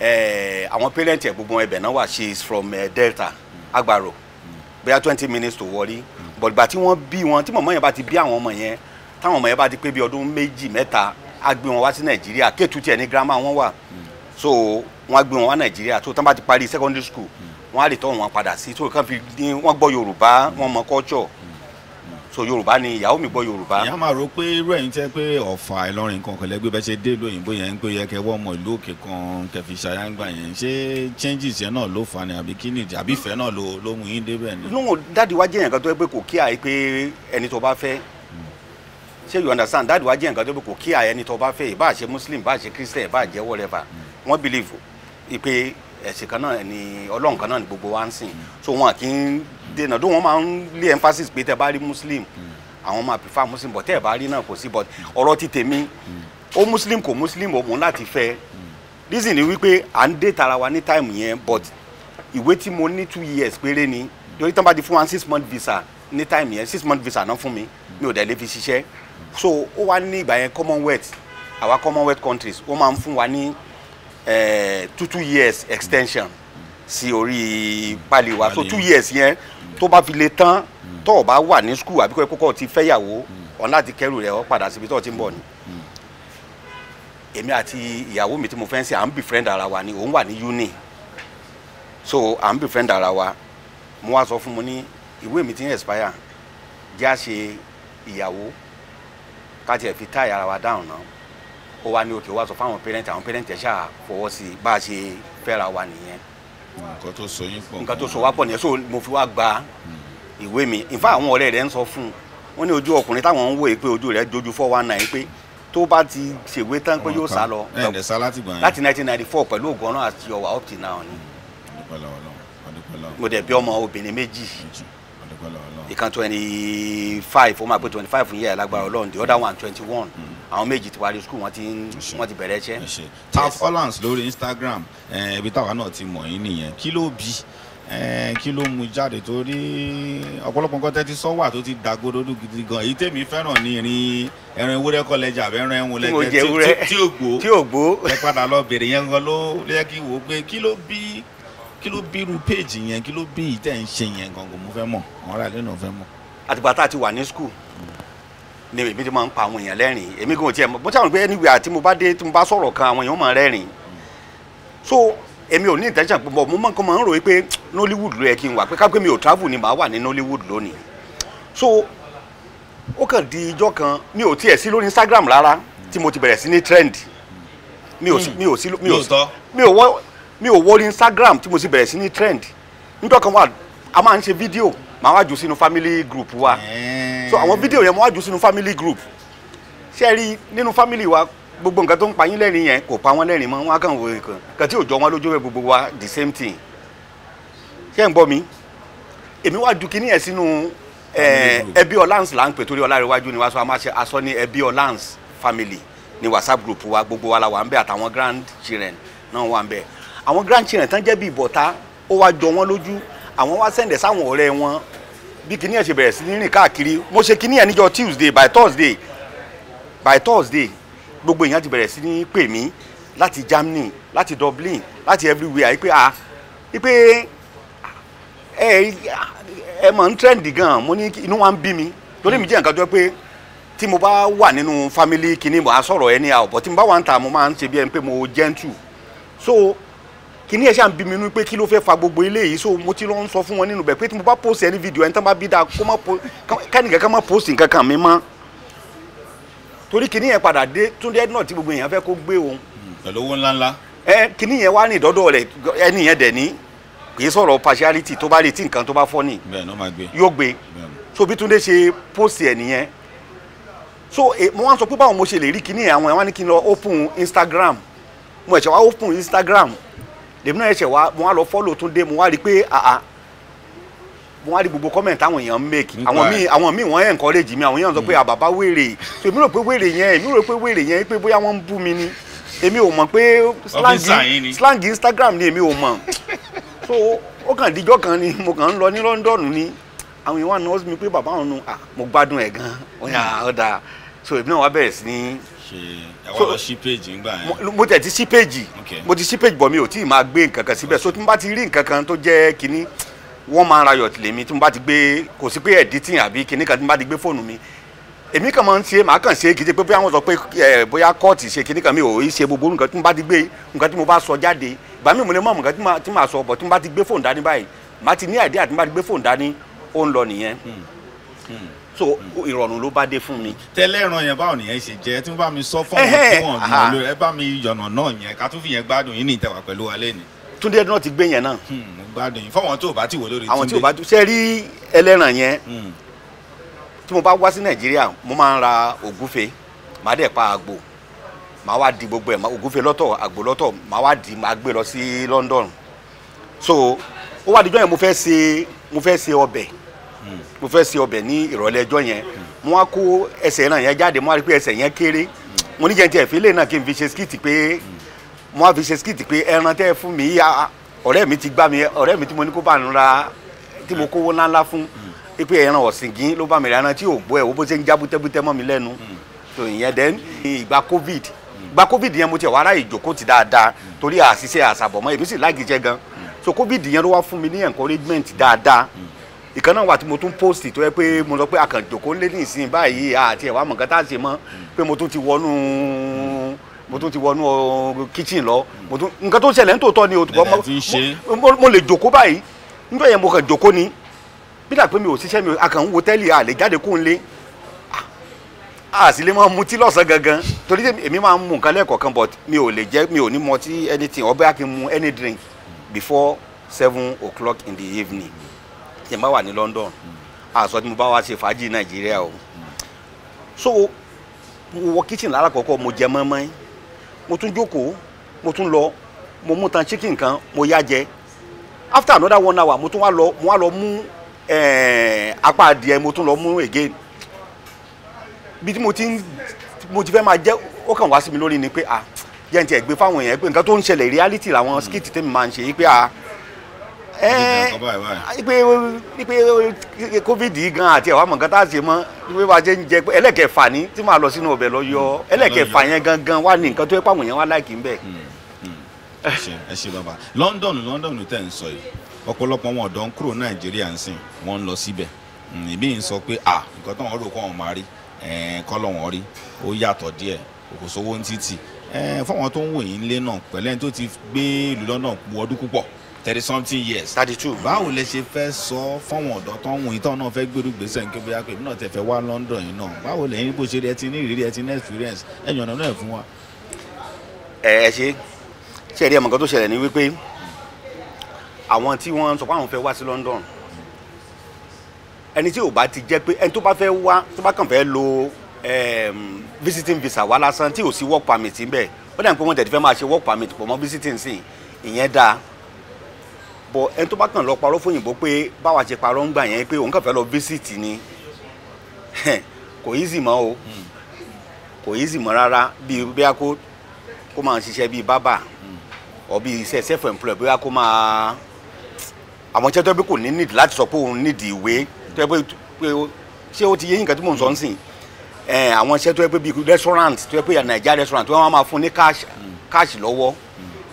eh, àwọn parent ẹ̀ gbogbo ẹbẹ̀ náà wà she is from eh, delta agbaro. Mm bóyá twenty minutes to worry hmm. but gbà tí wọ́n bí wọn tí mọ̀mọ́ yẹn bá ti bí àwọn ọmọ yẹn táwọn ọmọ yẹn bá ti pé bí ọdún méjì mẹ́ta á gbé wọn wá sí nàìjíríà kéètù tiẹ̀ ní girama wọn wà hmm. so wọ́n á gbé wọn wá nàìjíríà tó tán bá ti parí secondary school hmm. wọ́n á lè tọ́ wọn padà sí so kàn fi ní wọ́n gbọ́ yorùbá wọ́n mọ culture so yorùbá ni ìyàwó mi gbọ́ yorùbá. ìyá máa rò pé irú ẹ̀yin tẹ́ pé ọ̀fà ìlọrin kan kẹlẹ́ gbé bẹ́ẹ̀ ṣe dé lóyìnbó yẹn ń pé yẹ kẹ́ wọ́n ọmọ ìlú òkè kan kẹfì ṣayáǹgbà yẹn ṣé changes yẹn náà ló fa ni àbí kí nìdí àbí ìfẹ́ náà ló ló mú yín débẹ̀ ni. nínú dáàdi wa jẹ́ nǹkan tó yẹ pé kò kí àyè pé ẹni tó bá fẹ́ hmm. ṣé you understand dáàdi wa jẹ́ nǹkan tó yẹ pé kò kí àyè ẹni tó bá fẹ́ ìbá ṣe muslim bá ṣe christian bá jẹ́ whatever hmm. wọ́n believe pé ẹ̀sìn kan náà ni ọlọ́run kan náà ni gbogbo wa ń sìn so wọn kì í dènà tó wọn máa ń lé emphasis pé tẹ bá rí muslim àwọn máa prefer muslim but tẹ bá rí náà kò sí but ọ̀rọ̀ ti tèmi ó muslim kò muslim ó láti fẹ́ reason ni wípé à ń dé tara wa ní time yẹn but ìwé tí mo ní two years péré ni torí tán bá di fún wa six month visa ní time yẹn six month visa náà fún mi mi ò dẹ̀ lè fi ṣiṣẹ́ so ó wá ní ìgbà yẹn commonwealth àwa commonwealth countries ó máa ń fún wa ní eh, two two years extension sí orí pálí wa so two years yẹn tó bá fi lè tán tó o bá wà ní skul àbíkọ́ ìkókọ́ ti fẹ́yàwó ọ̀n láti kẹ́rù rẹ̀ ọ́ padà síbi tó o ti ń bọ̀ ni èmi àti ìyàwó mi tí mo fẹ́ ń sè à ń befriend ara wa ni òun wà ní uni so à ń befriend ara wa mo wá sọ fún mo ní ìwé mi ti ń expire jẹ́ àṣe ìyàwó ká tiẹ̀ fi tie ara wa down náà. No? ó wá ní òkè wá sọ fáwọn pẹrẹntì àwọn pẹrẹntì ẹ fọwọ́ sí i bá a ṣe fẹ́ra wa nìyẹn. nǹkan tó so yín pọ̀ nǹkan tó so wá pọ̀ nìyẹn so mo fi wá gba hmm. ìwé mi ìfá àwọn ọ̀rẹ́ rẹ̀ ń sọ fún un wọ́n ní ojú ọkùnrin táwọn ń wò é pé ojú rẹ̀ dojú four one nine pé tó bá ti ṣèwé tán pé yóò sá lọ láti nineteen ninety four pẹ̀lú ògbọ́nà àti ọ̀wà up till now ni mo dẹ̀ bí ọmọ obìnrin méjì ìkan twenty five ó máa pé twenty five yẹn lágbára Ọlọ́run the other one twenty one. Hmm àwọn méjì ti wárí skul wọn ti wọn ti bẹ̀rẹ̀ iṣẹ́. Taf Hollins lórí Instagram ibi táwa náà ti mọ̀ yín nìyẹn kí ló bí kí ló mú jáde torí ọ̀pọ̀lọpọ̀ nǹkan tẹ́tí sọ wà tó ti dàgbòdodo gidi gan èyí tèmi fẹ́ràn ní irin ẹran ewúrẹ́ kọ́lẹ́jà àbẹ́ ẹran ẹ̀hún lẹ́jẹ̀ tí ò gbó tí ò gbó ẹ padà lọ bèrè yẹn gan ló yẹ kí wò ó pé kí ló bí kí ló bí irú péèjì yẹn kí ló bí ìtẹ̀ ń ṣe yẹn gangan mo fẹ́ mọ̀ àwọn ará náà fẹ́ mọ̀. àtìgbà tá a ti wà ní skul ni èmi ti máa ń pa àwọn èèyàn lẹ́rìn èmi kò tiẹ̀ mo ṣàwọn pé anyway àti mo bá dé tí mo bá sọ̀rọ̀ kan àwọn èèyàn máa rẹ́rìn so èmi ò ní intention pọ̀ mo máa ń máa ń ròyìn pé Nollywood ló yẹ kí n wà pé ká mi ò travel ni màá wà ní Nollywood lónìí so ó kàn di ijọ́ kan mi ò tiẹ̀ sí lórí Instagram rárá tí mo ti bẹ̀rẹ̀ sí ní trend mi ò sí mi ò sí Instagram tí mo ti bẹ̀rẹ̀ sí ní trend nítorí kan wà a máa ń ṣe fídíò màá wá jù sínú family group wa so àwọn fídíò yẹn mo wá jù sínú family group ṣé ẹ rí nínú family wa gbogbo nǹkan tó ń pa yín lẹ́rìn yẹn kò pa wọ́n lẹ́rìn mọ́ wọ́n á kàn wò nǹkan kan tí ò wọn lójú rẹ̀ gbogbo wa the same thing ṣé ń gbọ́ mi èmi wá ju kíní yẹn sínú ẹbí ọláǹs là ń pè torí ọlárẹ̀wájú ni wàá sọ a máa ṣe aṣọ ní ẹbí ọláǹs family ní whatsapp group wa gbogbo wa la wà ń bẹ àtàwọn grand children náà wà ń bẹ àwọn grand children tán jẹ́ bí ìbọ̀tá ó wá jọ wọn lójú àwọn wá sẹ̀ǹdẹ̀ sáwọn ọ̀rẹ́ wọn bí kinní ẹ̀ ṣe bẹ̀rẹ̀ sí ní rìn káàkiri mo ṣe kinní ẹ̀ níjọ́ Tuesday by Thursday by Thursday gbogbo èèyàn ti bẹ̀rẹ̀ sí ní pè mí láti Germany láti Dublin láti everywhere pé ah pé ẹ ẹ mọ̀ ń trend gan mo ní inú wa ń bí mi torí mi jẹ́ nǹkan tó pé tí mo bá wà nínú family kinní mo á sọ̀rọ̀ ẹni àwọ̀ bọ̀ tí mo bá wà ń ta mo máa ń ṣe bí ẹni pé mo gentle so kíní ẹ̀ ṣáà ń bí mi nú pé kí ló fẹ́ fa gbogbo eléyìí so mo ti lọ ń sọ fún wọn nínú bẹ̀ pé tí mo bá post ẹni fídíò ẹni tán bá bí dáa kó má po kẹ́nìkan kan má post nǹkan kan mi mọ́ torí kíní yẹn padà dé túndé náà tí gbogbo èèyàn fẹ́ kó gbé òun. pẹ̀lú owó ńláńlá. ẹ kíní yẹn wá ní ìdọ́dọ̀ rẹ ẹni yẹn dẹ̀ ní kì í sọ̀rọ̀ partiality tó bá retí nǹkan tó bá fọ́ ni yóò gbé so bí túndé ṣe post ẹ̀ nìyẹn so e, mo wá sọ pé báwo mo ṣe lè rí kíní Instagram mo ẹ̀ṣẹ̀ wá open Instagram lèmi náà ẹ̀ṣẹ̀ wa mo wá lọ fọ́lò Túndé mo wá rí i pé àà mo wá rí gbogbo comment àwọn èèyàn ń make àwọn míì àwọn míì wọ́n encourage mi àwọn èèyàn sọ pé àbàbá hmm. wèrè so èmi rò pé wèrè yẹn èmi rò pé wèrè yẹn pé bóyá wọ́n ń bú mi ni èmi ò mọ̀ pé slang slang Instagram ni èmi ò mọ̀ so ó kàn díjọ́ kan ni mo kàn ń lọ ní London ni àwọn èèyàn wà ní ọ́sùn mi pé bàbá òun nu mo gbádùn ẹ̀ gan-an ó yà á ọ̀dà so èmi náà wá bẹ̀rẹ̀ sí ní ṣe ẹwà lọ sí péjì ńgbà yẹn. mo tẹ̀ ti sí péjì mo ti sí péjì bọ̀ mi ò tí ì máa gbé nǹkan kan síbẹ̀ so tí mo bá ti rí nǹkan kan tó jẹ́ kínní wọ́n máa ra yọ̀tì lèmi tí mo bá ti gbé kò sí pé ẹ̀dítìn àbí kínní kan tí mo bá ti gbé fóònù mi èmi kàn máa ń ṣe màá kàn ṣe kìí ṣe pé bóyá wọ́n sọ pé ẹ bóyá kóòtù ṣe kínní kan mi ò ṣe gbogbo nǹkan tí mo bá ti gbé nǹkan tí mo bá sọ jáde ìgbà mi mo lè mọ nǹkan tí mo sọ bọ̀ tí mo bá ti gbé fóònù dání báyìí màá ti ní àìdí so ìrọ̀rùn ló bá dé fún mi. tẹ́lẹ̀ ìran yẹn báwo nìyẹn ṣe jẹ́ tí wọ́n bá mi sọ fún ọmọ tí wọ́n mọ̀ lórí ẹ bá mi yọ̀nà náà yẹn ká tún fi yẹn gbádùn yín ní ìtẹ̀wà pẹ̀lú wa lẹ́nu. túndé náà ti gbé yẹn náà. Hmm, gbádùn yín fọwọ́n tó o bá ti wò lórí túndé. àwọn tí o bá ṣe rí ẹlẹ́ran yẹn hmm. tí mo bá wá sí nàìjíríà mo máa ń ra ògúfe màá dẹ̀ pa àgbò màá wá di gbogbo ẹ̀ ògúfe lọ́tọ̀ àgbò lọ́tọ̀ màá wá di màá gbé lọ sí London so ó wá dijọ́ yẹn mo fẹ́ ṣe mo fẹ́ ṣe ọbẹ̀ mo fẹ́ ṣe ọbẹ̀ ní ìrọ̀lẹ́ ẹjọ́ yẹn mo wá kó ẹsẹ̀ náà yẹn jáde mo wá rí pé ẹsẹ̀ yẹn kéré mo ní jẹun tí ẹ̀ fi lè náà kí n fi ṣe skit pé mo wá fi ṣe skit pé ẹran tẹ́ fún mi ọ̀rẹ́ mi ti gbá mi ọ̀rẹ́ mi tí mo ní kó bá ń ra tí mo kówó ńláńlá fún pé ẹran ọ̀sìngín ló bá mi rà ẹran tí ò gbọ́ ẹ̀ wo bó ṣe ń já bútẹ́bútẹ́ mọ́ mi lẹ́nu tó ìyẹn dẹ́ ìgbà covid ìgbà covid yẹn mo tiẹ̀ wá ráyè jókòó ti dáadáa torí àṣìṣe àṣàbọ̀mọ́ èmi sì láàgì jẹ gan so covid yẹn ló wá fún mi ní encouragement dáadáa. Mm ìkan náà wà tí mo tún post tó yẹ pé mo sọ pé àkànjòkó lé ní ìsìn báyìí àti ẹ̀wà mọ̀ nǹkan tá a ṣe mọ́ pé mo tún ti wọnú mo tún ti wọnú uh, kitchen lọ mo tún nǹkan tó ń ṣẹlẹ̀ ń tòótọ́ ni o mo lè jòkó báyìí nígbà yẹn mo kàn jòkó ni bí dàpé mi ò ṣiṣẹ́ mi a kàn ń wo tẹ́lì a lè jáde kó ń lé a sì lè máa mutí lọ́sàn gangan torí èmi máa ń mu nǹkan lẹ́ẹ̀kọ̀ọ̀kan but mi ò lè jẹ́ mi ò ní mọtí anything ọbẹ̀ á kí n mu any drink before seven o'clock in the evening. Mm -hmm tí n bá wà ní London àṣọ tí mo bá wá ṣe fàájì Nàìjíríà o so mo wọ kitchen lálàkọ́kọ́ mo jẹ mọ́mọ́ mo tún jókòó mo tún lọ mo mú tan chicken kan mo yá jẹ after another one hour mo tún wá lọ mo wá lọ mú eh, apá adìẹ mo tún lọ mú again bí tí mo ti mo ti fẹ́ máa jẹ́ ó kàn wá sí mi lórí ni pé ah jẹ́ n tiẹ̀ gbé fáwọn èèyàn pé nǹkan tó ń ṣẹlẹ̀ reality làwọn skit tèmi máa ń ṣe yìí pé ah pé covid gan àti àwọn nǹkan tá a ṣe mọ pé wàá jẹ ń jẹ pé ẹlẹ́kẹ̀fà ni tí màá lọ sínú ọbẹ̀ lọ yọ mm, mm. ẹlẹ́kẹ̀fà yẹn gangan wà ní nǹkan tó yẹ pàwọn yẹn wà láìkí ń bẹ̀. Mm, ẹ ṣe ẹ ṣe bàbá London London tẹ̀ ń sọ yìí ọ̀pọ̀lọpọ̀ wọn ọ̀dọ́ ń kúrò Nàìjíríà ń sìn wọ́n ń lọ síbẹ̀ ìbí ń sọ pé à nǹkan tó wọn rò kọ́ wọn máa rí thirty something years. thirty two. báwo lẹ ṣe fẹ́ sọ fọ́wọ́n ọ̀dọ́ tó ń wọ̀n ìtàn náà fẹ́ gbèrú gbèsè nǹkan bóyá pé náà tẹ fẹ́ wá London yìí náà báwo lẹ́yìn bó ṣe rí ẹ ti ní ìrírí ẹ ti ní experience ẹ yànnà náà fún wa. ẹ ẹ ṣe ṣe ẹ̀rí ẹ̀mọ̀kan tó ṣẹlẹ̀ ní wípé àwọn tí wọ́n sọ pé àwọn fẹ́ wá sí London ẹni tí ò bá ti jẹ́ pé ẹni tó bá fẹ́ wá tó bá kàn fẹ́ lo visiting visa wá lásán tí ò sí work permit ń bẹ̀ ó dà ní pé wọ́n tẹ̀ ti work permit pọ̀ mọ́ visiting sí ìyẹn bọ ẹni tó bá kàn lọ parọ́ fóyìnbó pé báwa ṣe parọ́ ń gbà yẹn pé òun kàn fẹ́ lọ visit ni kò easy mọ́ o hmm. kò easy mọ́ rárá bíi bóyá kó kó máa ṣiṣẹ́ bíi bábà hmm. or bíi iṣẹ́ self employed bóyá kó máa àwọn iṣẹ́ tó bí kò ní need láti sọ pé òun need ìwé tó yẹ pé ṣé o ti yé nǹkan tí mò ń sọ ń hmm. sìn àwọn iṣẹ́ tó yẹ pé bíi restaurant tó yẹ pé nàìjíríà restaurant tó yẹ máa fún ní cash cash lọ́wọ́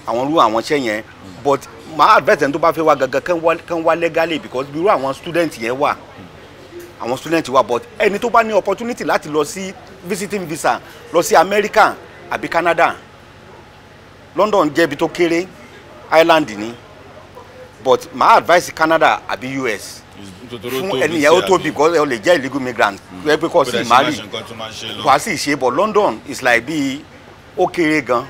àwọn irú àwọn iṣẹ́ yẹn but máa advice, ẹni tó bá fẹ́ wá gangan kán wá legally because bí irú àwọn student yẹn wà àwọn student wà but ẹni tó bá ní opportunity láti lọ sí visiting visa lọ sí America àbí Canada London jẹ́ ibi tó kéré Ireland ni but máa advice, Canada àbí US fún ẹnìyẹn ó tóbi because ó lè jẹ́ illegal migrant hmm. ẹ pé kò sí Mali kò á sì ṣe but London is like bíi ó kéré gan-an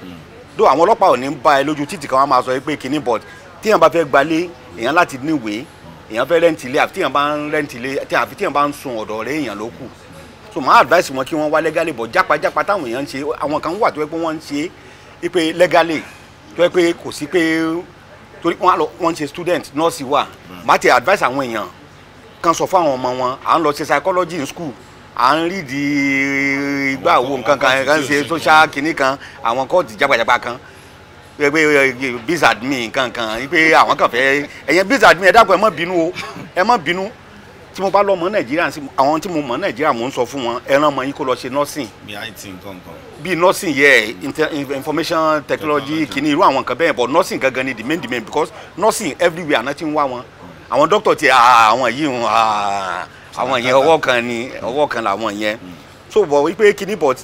do hmm. àwọn ọlọ́pàá ò ní bá ẹ lójú títì kan wọ́n máa sọ pé kínní but téèyàn bá fẹ́ gbalé èèyàn láti níwèé èèyàn fẹ́ rẹ́ǹtì ilé àfi téèyàn bá ń rẹ́ǹtì ilé àfi téèyàn bá ń sun ọ̀dọ̀ rẹ̀ èèyàn ló kù so màá advice wọn kí wọ́n wá lẹ́gàlè bọ̀ jápajápa táwọn èèyàn ń ṣe àwọn kan wà tó yẹ pé wọ́n ń ṣe é pé lẹ́gàlè tó yẹ pé kò sí pé torí wọ́n á lọ wọ́n ń ṣe student nọ́ọ̀sì wà hmm. màá ti advice àwọn èèyàn kan sọ fún àwọn ọmọ wọn à ń lọ ṣe psychology in school à ń rí di eh, ìgbà wo nǹkan kan ẹ̀ kan ṣe social kìnnìkan àwọn kọ́ọ̀tì jápajápa kan pé biz admin kankan pé àwọn kan fẹ́ ẹ̀yẹn biz admin ẹ dákun ẹ má bínú o ẹ má bínú tí mo bá lọ mọ nàìjíríà àwọn tí mo mọ nàìjíríà mò ń sọ fún wọn ẹran mọ yín kó lọ ṣe nursing. bí it nkankan. bí nursing yẹ information technology kìíní irú àwọn nǹkan bẹ́ẹ̀ but nursing gangan ni the main demand because nursing everywhere náà ti ń wá wọn àwọn doctor ti ah, àwọn yìí ah, àwọn yẹn ọwọ́ kan ni ọwọ́ kan làwọn yẹn so bọ̀ wípé kìíní but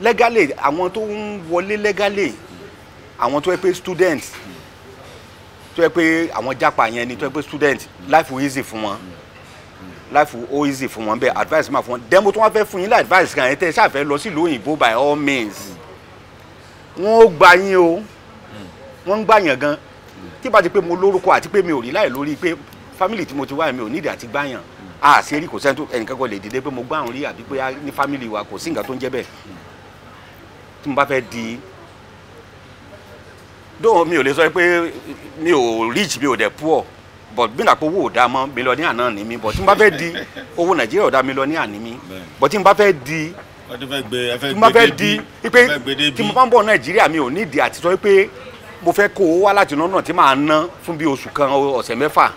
legally àwọn tó ń wọlé legally àwọn tó yẹ pé student tó yẹ pé àwọn jápa yẹn ni tó yẹ pé student life will easy fún wọn life will o easy fún wọn bẹ́ẹ̀ advice máa fún wọn dẹ́mo tó wọ́n fẹ́ fún yín ní advice kan yẹn tẹ́ ṣáàfẹ́ lọ sílùú òyìnbó by all means wọ́n ó gba yín o wọ́n ń gbà yàn gan tí bá ti pé mo lórúkọ àti pé mi ò rí láì lórí pé family tí mo ti wá mi ò nídìí àti gbà yàn a ṣe rí kò sẹ́ni tó ẹnìkan kan lè dìde pé mo gbà wọn rí àbí pé ní family wa kò sí nǹkan tó ń jẹ́ bẹ́ẹ̀ tí mo bá fẹ́ di dóò mi ò lè sọ pé mi ò rich mi ò dẹ̀ poor but bí nàpọ̀ owó ò dá mọ́ mílíọ̀nìyà náà ni mí but tí n bá fẹ́ di owó nàìjíríà ò dá mílíọ̀nìyà ni mí but tí n bá fẹ́ di tí n bá fẹ́ di pé tí mo bá ń bọ̀ nàìjíríà mi ò nídìí àti sọ pé mo fẹ́ kó owó wá láti lọ́nà tí màá ná fún bí oṣù kan ọ̀sẹ̀ mẹ́fà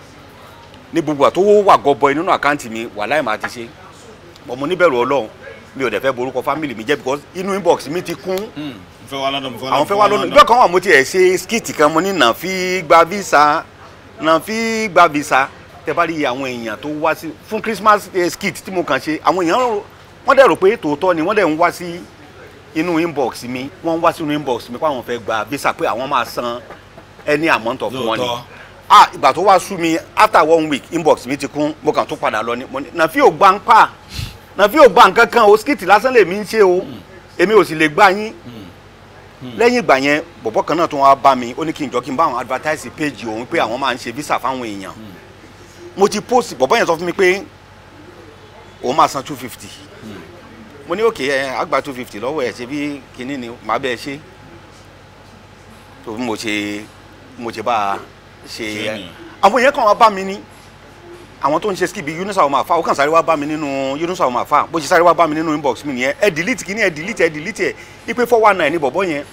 ní gbogbo àtọwọ́ wà gọbọi nínú àkáǹtì mi wàláì máa ti ṣe ọmọ oníbẹ̀rù ọlọ́run mi ò dẹ̀ fẹ́ borúkọ fámìlì mi jẹ́ because inú inbox mi ti kún. Hmm àwọn fẹ́ wá lọ́dún ìjọ kan wà mo tiẹ̀ ṣe skit kan mo ní nà fi gba visa nà fi gba visa tẹ bá rí àwọn èèyàn tó wá sí fún Christmas eh, skit tí mo kàn ṣe àwọn èèyàn wọ́n dẹ̀ rò pé tòótọ́ ni wọ́n dẹ̀ ń wá sí inú inbox mi wọ́n wá sínú inbox mi pé fẹ́ gba visa pé àwọn máa san any amount of money ah ìgbà tó wá sú mi after one week inbox mi ti kún mo kàn tó padà lọ ni mo ní nàfi ò gbà ń pa nàfi ò gbà nǹkan kan o skit lásán lèmi ń ṣe o hmm. èmi ò sì lè gbà yín. Mm Hmm. lẹ́yìn ìgbà yẹn bọ̀bọ̀ kan náà tó wá bá mi ó ní kí n jọ kí n bá àwọn advertise page òun pé àwọn máa ń ṣe visa fáwọn èèyàn hmm. mo ti post bọ̀bọ̀ yẹn sọ fún mi pé òun máa san two fifty hmm. mo ní òkè ẹ àgbà two fifty lọ́wọ́ ẹ̀ ṣe bí kinní ni màá bẹ́ẹ̀ ṣe tó bí mo ṣe mo ṣe bá a ṣe àwọn yẹn kàn wá bá mi ní àwọn tó ń ṣe skip bíi Yunusa ọmọ àfa ó sáré wá bá mi nínú Yunusa ọmọ àfa bó ṣe sáré wá bá mi nínú inbox mi nìyẹn ẹ delete kìíní ẹ delete ẹ delete ẹ ipe four one nine ni bọ̀bọ̀ yẹn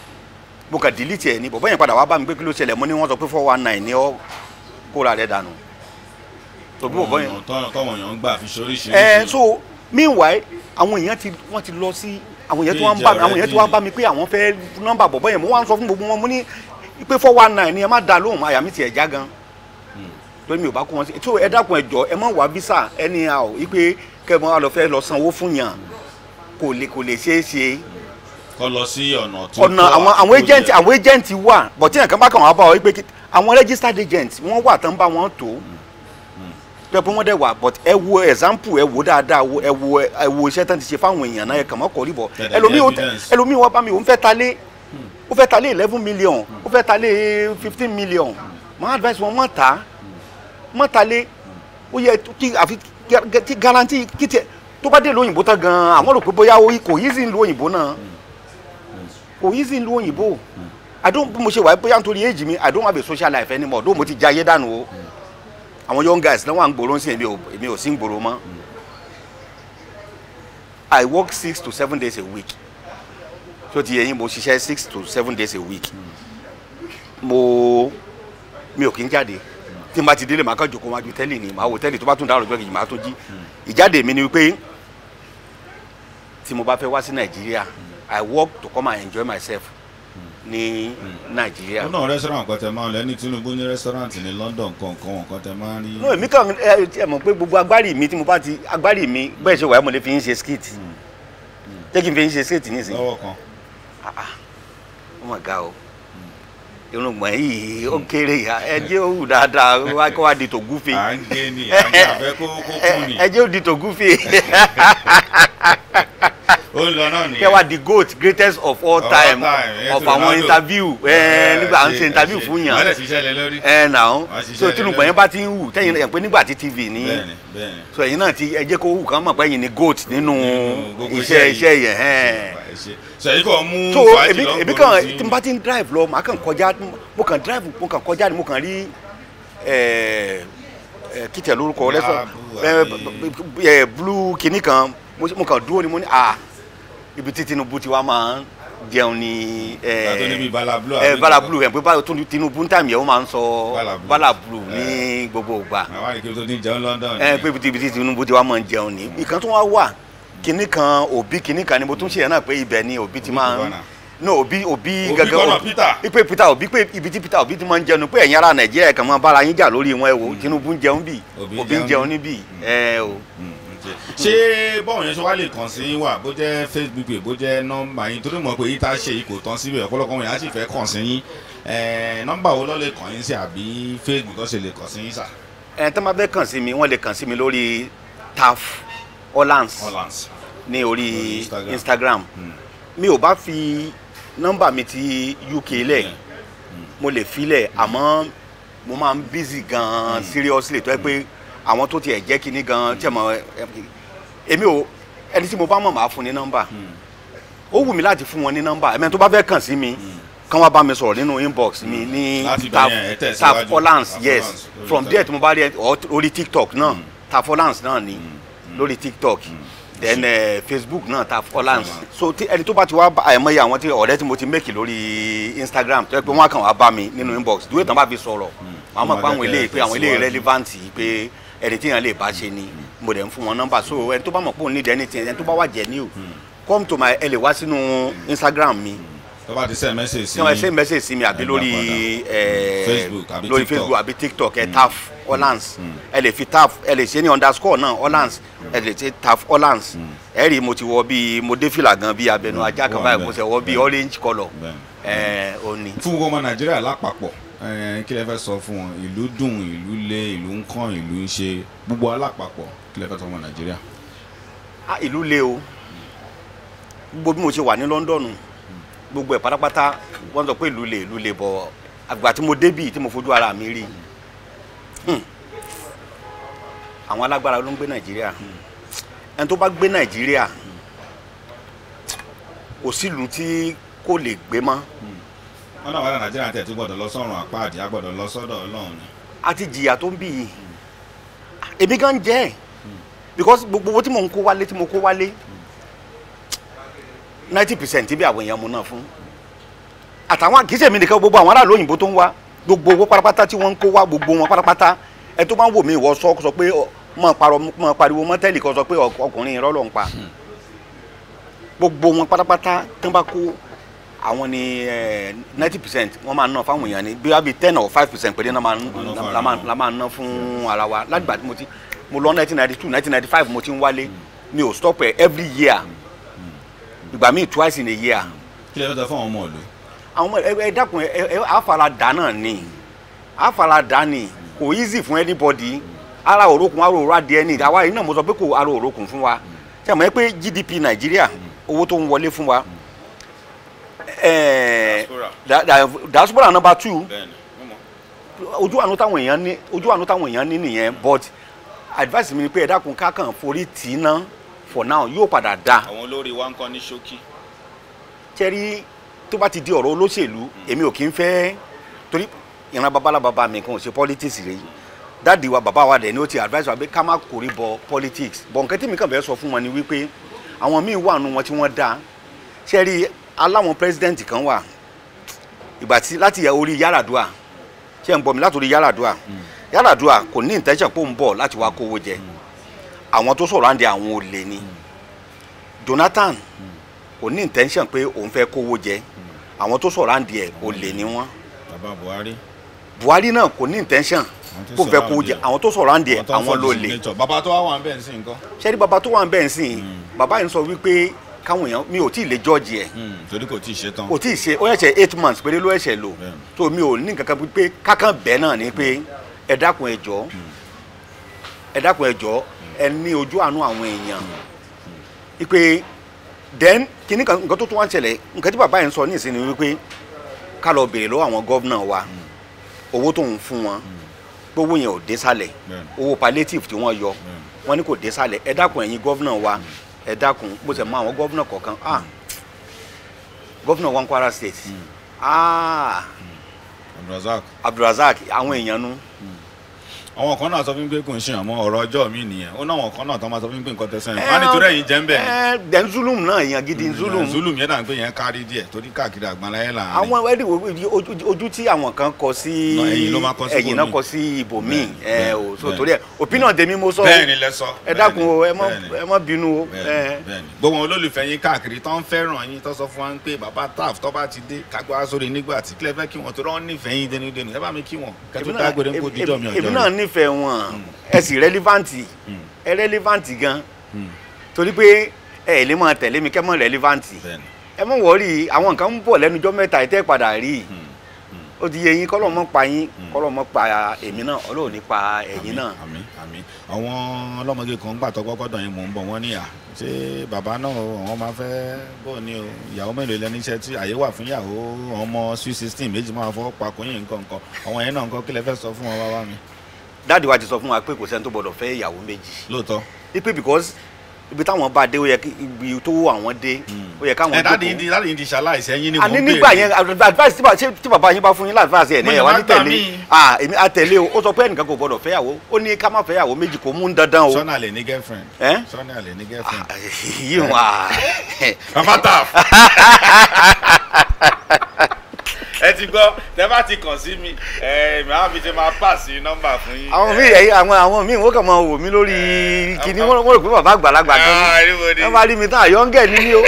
mo kàn delete ẹ ni bọ̀bọ̀ yẹn padà wá bá mi pé kí ló ṣẹlẹ̀ mo ní wọ́n sọ pé four one nine ni ọ kóra rẹ̀ dànù. tó bí yẹn tọ́wọ̀n gbà fi ṣoríṣiríṣi. ẹ so meanwhile àwọn èèyàn ti wọ́n ti lọ sí àwọn èèyàn tí wọ́n bá mi àwọn èèyàn tí wọ́n bá mi pé àwọn fẹ́ nọ́mbà bọ̀bọ̀ torí mi ò bá kó wọn sí tí ẹ dákun ẹ jọ ẹ má wá visa anyhow o wípé kẹ mọ àlọ fẹ lọ sanwó fún yàn kò lè kò lè ṣeé ṣe. kọ lọ sí ọ̀nà tó ọ̀nà àwọn àwọn agent àwọn agent wà but tí nǹkan bá kàn wá bá ọ wípé àwọn registered agent wọ́n wà tán bá wọn tó mm, mm. pé pé wọ́n dẹ̀ wà but ẹ wo example ẹ wo dáadáa ẹ wo ẹ wo iṣẹ́ tán ti ṣe fáwọn èèyàn náà ẹ kàn mọ́ kọ́ líbọ̀ ẹlòmíì wọ́n bá mi òun fẹ́ ta lé mm. ó fẹ́ ta lé eleven million ó fẹ́ ta lé fifteen million my advice wọn mọ̀ ta mọ́tàlé ó yẹ kí kí garanti kí tiẹ̀ tó bá dé ìlú òyìnbó tán gan àwọn rò pé bóyá kò yí sí ìlú òyìnbó náà kò yí sí ìlú òyìnbó àdó bí mo ṣe wà bóyá nítorí èjì mi àdó wọn àbẹ social life ẹni mọ àdó mo ti jẹ ayé dànù o àwọn young guys náà wà ń gbòòrò sí èmi ò sí ń gbòòrò mọ́ I work six to seven days a week tó ti yẹ yín mo ṣiṣẹ́ six to seven days a week mo mi ò kí ń jáde. Mm tí n bá ti délé màá kàn jòkó wájú tẹ́lì ni màá wò tẹ́lì tó bá tún dárò gbẹ́gì màá tún jí ìjáde mi ni wípé tí mo bá fẹ́ wá sí nàìjíríà i work to come and enjoy myself ní nàìjíríà. ó náà restaurant kan tẹ máa ń lẹ ní tinubu ní restaurant ní london kankan kan tẹ máa ń rí. no èmi kàn ẹ mọ̀ pé gbogbo agbárí mi tí mo bá ti agbárí mi bẹ́ẹ̀ ṣe wà mo lè fi ń ṣe skit hmm. jẹ́ kí n fi ń ṣe skit nísìnyí. lọ́wọ́ kan. ah ah oh my god o. Oh irùngbọ̀n yìí ó kéré ya ẹjẹ́ ó wù dáadáa wá kó wá di tògúfe. à ń gé ni àgbà fẹ́ kó kó kún ni. ẹjẹ́ ó di tògúfe. ó ń lọ náà nìyẹn kẹwàá the goat greatest of all time of àwọn interview eh, nígbà à ń ṣe interview fún yàn mọ́lẹ̀ ṣiṣẹ́ lé eh, so tìlùpọ̀ yẹn bá ti ń wù tẹ́yìn ẹ̀ pé nígbà tí tv ní so ẹ̀yin náà ti ẹ jẹ́ kó wù kán mọ̀ pé ẹ̀yin ni goat nínú iṣẹ́ iṣẹ́ yẹn so èyí kò mú fàájì lọ́gbọ̀n èmi kan tí n bá ti ń drive lọ màá kàn kọjá mo kàn drive mo kàn kọjá ni mo kàn rí kìtẹ̀ lórúkọ lẹ́sọ̀ blue kìnnìkan mo kàn dúró ni mo ní ah ibi tí Tinubu ti wá máa ń jẹun ni ẹ ẹ balabulu ẹ pé báyọ̀ tó Tinubu ń tàmì ẹ̀ ó máa ń sọ balabulu ní gbogbo ìgbà ẹ pé ibi tí Tinubu ti wá máa ń jẹun ni mm. ìkan tó wá wà kinní kan òbí kinní kan ni mo tún ṣe yẹn náà pé ibẹ̀ ni òbí ti máa ń no obi obi gẹ́gẹ́ òbí ipe peter òbí pé ibi tí peter òbí ti máa ń jẹun pé ẹ̀yin ará nàìjíríà kan máa bára yín jà lórí wọn ẹ wò mm. Tinubu ń jẹun bì òbí ń jẹun níbì mm. ẹ o ṣe ṣé bọ́ọ̀ yẹn ṣe wá lè kàn sí wa bó jẹ́ facebook bó jẹ́ nọ́mbà yín torí mọ̀ pé yìí tá a ṣe kò tán síbẹ̀ ọ̀pọ̀lọpọ̀ yẹn á sì fẹ́ kàn sí yín nọ́mbà wo ló lè kàn yín sí àbí facebook tó ṣe lè kàn sí yín sà. ẹ tó máa fẹ́ kàn sí mi wọ́n lè kàn sí mi lórí taf olans ní orí instagram hmm. mi ò bá fi nọ́mbà mi ti uk lẹ̀ hmm. mo lè filẹ̀ hmm. àmọ́ mo máa ń busy gan-an seriously tó yẹ pé. Mm àwọn tó tiẹ̀ jẹ́ kinní gan tiẹ̀ mọ̀ èmi ò ẹni tí mo bá mọ̀ máa fún ní nọ́mbà hmm. ó wù mí láti fún wọn ní nọ́mbà ẹ̀mẹ́ni tó bá fẹ́ kàn sí mi hmm. kàn wá bá mi sọ̀rọ̀ nínú inbox mi hmm. ní tafolance yes from there tí mo bá rí ẹ orí tiktok náà tafolance náà ni lórí tiktok then eh, facebook náà tafolance so ẹni tó bá ti wá àìmọye àwọn tí ọ̀rẹ́ tí mo ti make lórí instagram tó yẹ pé wọ́n á kàn wá bá mi nínú inbox ìwé tán bá fi sọ̀rọ̀ àwọn mọ̀ pé àwọn eléyìí pé àwọn eléyìí relevant pé. Mm ẹni tí yẹn lè bá ṣe ni mo dẹ̀ ń fún wọn nọ́mbà so ẹni tó bá mọ̀ pé òun need anything ẹni tó bá wà jẹ́ ní o come to my ẹ lè wá sínú Instagram mi. tó bá ti send message sí mi tó bá ti send message sí mi àbí lórí lórí Facebook àbí TikTok ẹ mm. taf Hollands mm. mm. ẹ lè fi taf ẹ lè ṣe ní underscore náà Hollands ẹ lè ṣe taf Hollands ẹ rí mo ti wọ bíi mo dé fìlà gan bíi abẹnú ajá kan báyìí mo ṣe wọ bíi orange colour òní. fún gbogbo ọmọ nàìjíríà lápapọ̀ kí lẹ fẹ́ sọ fún wọn ìlú dùn ìlú le ìlú ń kàn ìlú ń ṣe gbogbo alápapọ̀ kí lẹ fẹ́ sọ fún ọmọ nàìjíríà. ìlú le o gbogbo bí mo ṣe wà ní lọ́ńdọ̀nù gbogbo ẹ̀ pátápátá wọ́n sọ pé ìlú le ìlú le bọ̀ àgbà tí mo débì tí mo fojú ara mi rí hmm. àwọn alágbára ló ń gbé nàìjíríà ẹni tó bá gbé nàìjíríà kò sílùú tí kò lè gbé mọ́. wọn náà wà ní nàìjíríà tẹ̀ tó gbọ́dọ̀ lọ sọ́run àpáàdì àgbọ̀dọ̀ lọ sọ́dọ̀ ọlọ́run ni. àti jìyà tó ń bì í èmi gan jẹ́ ẹ̀ because gbogbo owó tí mò ń kó wálé tí mo kó wálé ninety percent bí àwọn èèyàn mu náà fún àtàwọn àkíyèsí mi nìkan gbogbo àwọn aráàlú òyìnbó tó ń wá gbogbo owó pátápátá tí wọ́n ń kó wá gbogbo wọn pátápátá ẹ tó máa ń wò mí ìwọ sọ sọ pé mọ parọ́ mọ pariwo mọtẹ́lì kan sọ pé ọkùnrin irọ́ ló ń pa gbogbo wọn pátápátá tí wọ́n bá kó àwọn ni eh, ninety percent wọ́n máa ná fáwọn èèyàn ni bí wàá bi ten or five percent péré la máa ná fún ara wa látìgbà tí mo ti mo lọ nineteen ninety two nineteen ninety five mo ti ń wálé mi ò stop ẹ every year ìgbà míì twice in a year. kí lè lọ́ta fún àwọn ọmọ ọ̀dọ́. àwọn ọmọ ẹ dákun ẹ àfaradà náà ni àfaradà ni kò easy fún anybody ara òrókun ara òró adìẹ ni àwa yìí náà mo sọ pé kò ara òrókun fún wa ṣe àmọ́ ẹ pé GDP Nàìjíríà owó tó ń wọlé fún wa. Mm diaspora number two ojú àánú táwọn èèyàn ní ojú àánú táwọn èèyàn ní nìyẹn but advice mi ni pé ẹ dákun ká forí tì ná for now yóò padà da. àwọn olórí wa ń kọ́ ní ṣókí. tẹ́rí tó bá ti di ọ̀rọ̀ olóṣèlú hmm. èmi ò kí ń fẹ́ torí ìran babalábaba mi kan ò ṣe politics rèé dáàdi wa bàbá wa dẹ̀ ni ó ti advice wa pé ká má kórè bọ politics bọ̀ mi kàn fẹ́ sọ fún wọn ni wípé àwọn míì wà nù wọn tí wọ́n dá ṣẹ́rí aláwọn president kan wà ìgbà tí láti yà orí Yar'Adua ṣé ń bọ̀ mí látòrí Yar'Adua hmm. Yar'Adua kò ní intention pò ń bọ̀ láti wá kówó jẹ hmm. àwọn tó sọ̀rọ̀ àǹdí àwọn olè ni hmm. Jonathan kò ní intention pé òun fẹ́ kówó jẹ àwọn tó sọ̀rọ̀ àǹdí ẹ̀ olè ni wọ́n baba buhari. buhari náà kò ní intention kó fẹ́ kó jẹ àwọn tó sọ̀rọ̀ àǹdí ẹ̀ àwọn ló lè. baba tó wà wà ń bẹ̀ ń sìn nǹkan. sẹ́ni baba tó wà ń bẹ̀ ń sìn baba yìí sọ wípé káwọn èèyàn mi ò tí ì lè jọ́ọ̀jì ẹ̀. Hmm, torí kò tí ì ṣe tán. kò tí ì ṣe ó ẹ̀ṣẹ̀ eight months péré ló ẹ̀ṣẹ̀ lò tó mi ò ní nǹkan kan pé kákan bẹ́ẹ̀ náà ni pé hmm. ẹ dákun ẹ jọ̀ọ́ hmm. ẹ dákun ẹ jọ̀ọ́ ẹ ní ojú àánú àwọn èèyàn ipe then kíní kan nǹkan tó tún wá ń ṣẹlẹ̀ nǹkan tí bàbá yẹn sọ ní ìsinmi wípé ká lọ béèrè lọ́wọ́ àwọn gọ́vnà wa owó tó ń fún wọn gbówó yẹn ò dé sálẹ̀ owó palliative tí wọ́n yọ wọ́n ní kò dé sálẹ̀ ẹ dákun ẹ̀yin gọ́vnà wa. Mm. eda kun mo sì mọ àwọn ah mm. wọn Kwara state mm. ah Abdulrasaq mm. Abdulrasaq àwọn èèyàn nu. àwọn kan náà sọ fún mi pé kò ń ṣèyàn mọ ọ̀rọ̀ ọjọ́ mi nìyẹn ó náwọn kan náà tó máa sọ fún mi pé nǹkan tẹsán yẹn wọn nítorí ẹ̀yin jẹ́ ń bẹ̀. ẹ eh, dẹ̀ zulum náà èèyàn gidi hmm, zulum. Eh, zulum yẹn náà ń pè yẹn kárí díẹ̀ torí káàkiri àgbáláyé là ń rí. àwọn ẹ̀rí ojú tí àwọn kan kọ sí ẹ̀yìn náà kọ sí ibòmíì ẹ ò eh, so torí ẹ opinion tèmi mo sọ ẹ dákun o ẹ má bínú o. gbogbo olólùfẹ́ yín káàkiri tó ń fẹ́ràn yín tó sọ fún wa pé bàbá taf tó bá ti dé kágbá sórí nígbà tí kílẹ̀ fẹ́ kí wọ́n tó rán nífẹ̀ẹ́ yín dénúdénú ẹ bá mi kí wọ́n kẹ́tù dágbére ń kó dídọ̀ mi ọ̀jọ́ mi nífẹ̀ẹ́ wọn hmm. ẹ sì rẹ́lífàǹtì hmm. ẹ rẹ́lífàǹtì gan hmm. torí pé ẹ lè máa tẹ̀lé mi kẹ́ mọ́ rẹ́lífàǹtì ẹ mọ̀ wọ́ọ̀rì àwọn nǹkan ń bọ̀ lẹ́nujọ́ mẹ́ta ìtẹ́ padà rí i ó ti yẹ yín kọ́lọ́ mọ́ pa yín kọ́lọ́ mọ́ pa èmi náà ọlọ́run ní pa ẹ̀yin náà. àmín àmín àwọn ọlọ́mọge kan gbà tọ́ gbọ́dọ̀ yín mò ń bọ̀ wọ́n níyà ṣé bàbá náà àwọn máa fẹ́ bọ̀ ni o ìyàwó mélòó lẹni iṣẹ́ tí àyè wà fún ìyàwó ọmọ six sixteen méjì máa fọ́ pakùn yín nǹkan nǹkan àwọn yẹn náà nǹkan kí lẹ fẹ́ sọ fún wọn wá wá mi dáàdi wa ti sọ fún wa pé kò sẹ́ni tó gbọ́dọ̀ fẹ́ ìyàwó méjì. lóòótọ́. ipe because ibi táwọn bá dé ó yẹ kí ibi tó àwọn dé ó yẹ káwọn dókòó. ẹ dáàdi yìí dáàdi yìí di ṣaláìsẹ yín ni mò ń bèrè. àní nígbà yẹn advice tí bàbá yín bá fún yín láàdífàsì ẹ̀ ní ẹ̀ wá ní tẹ̀lé à èmi àtẹ̀lé o ó sọ pé ẹnìkan kò gbọdọ̀ fẹ́yàwó ó ní ká má fẹ́yàwó méjì kò mú ń dandan o. sọ́nà lè ní girlfriend. ẹ́ sọ́nà lè ní girlfriend. Ah, yíyún wa. bàbá tà. ẹ ti gbọ́ tẹ bá ti kàn sí mi ẹ màá fi ṣe máa pass nọ́mbà fún yín. àwọn míì ẹyí àwọn àwọn míì wọ́n kàn máa wò mí lórí kìíní wọ́n rò pé bàbá àgbàlagbà kan ní ah, wọ́n bá rí mi tán àyọ́ngẹ̀ níní o.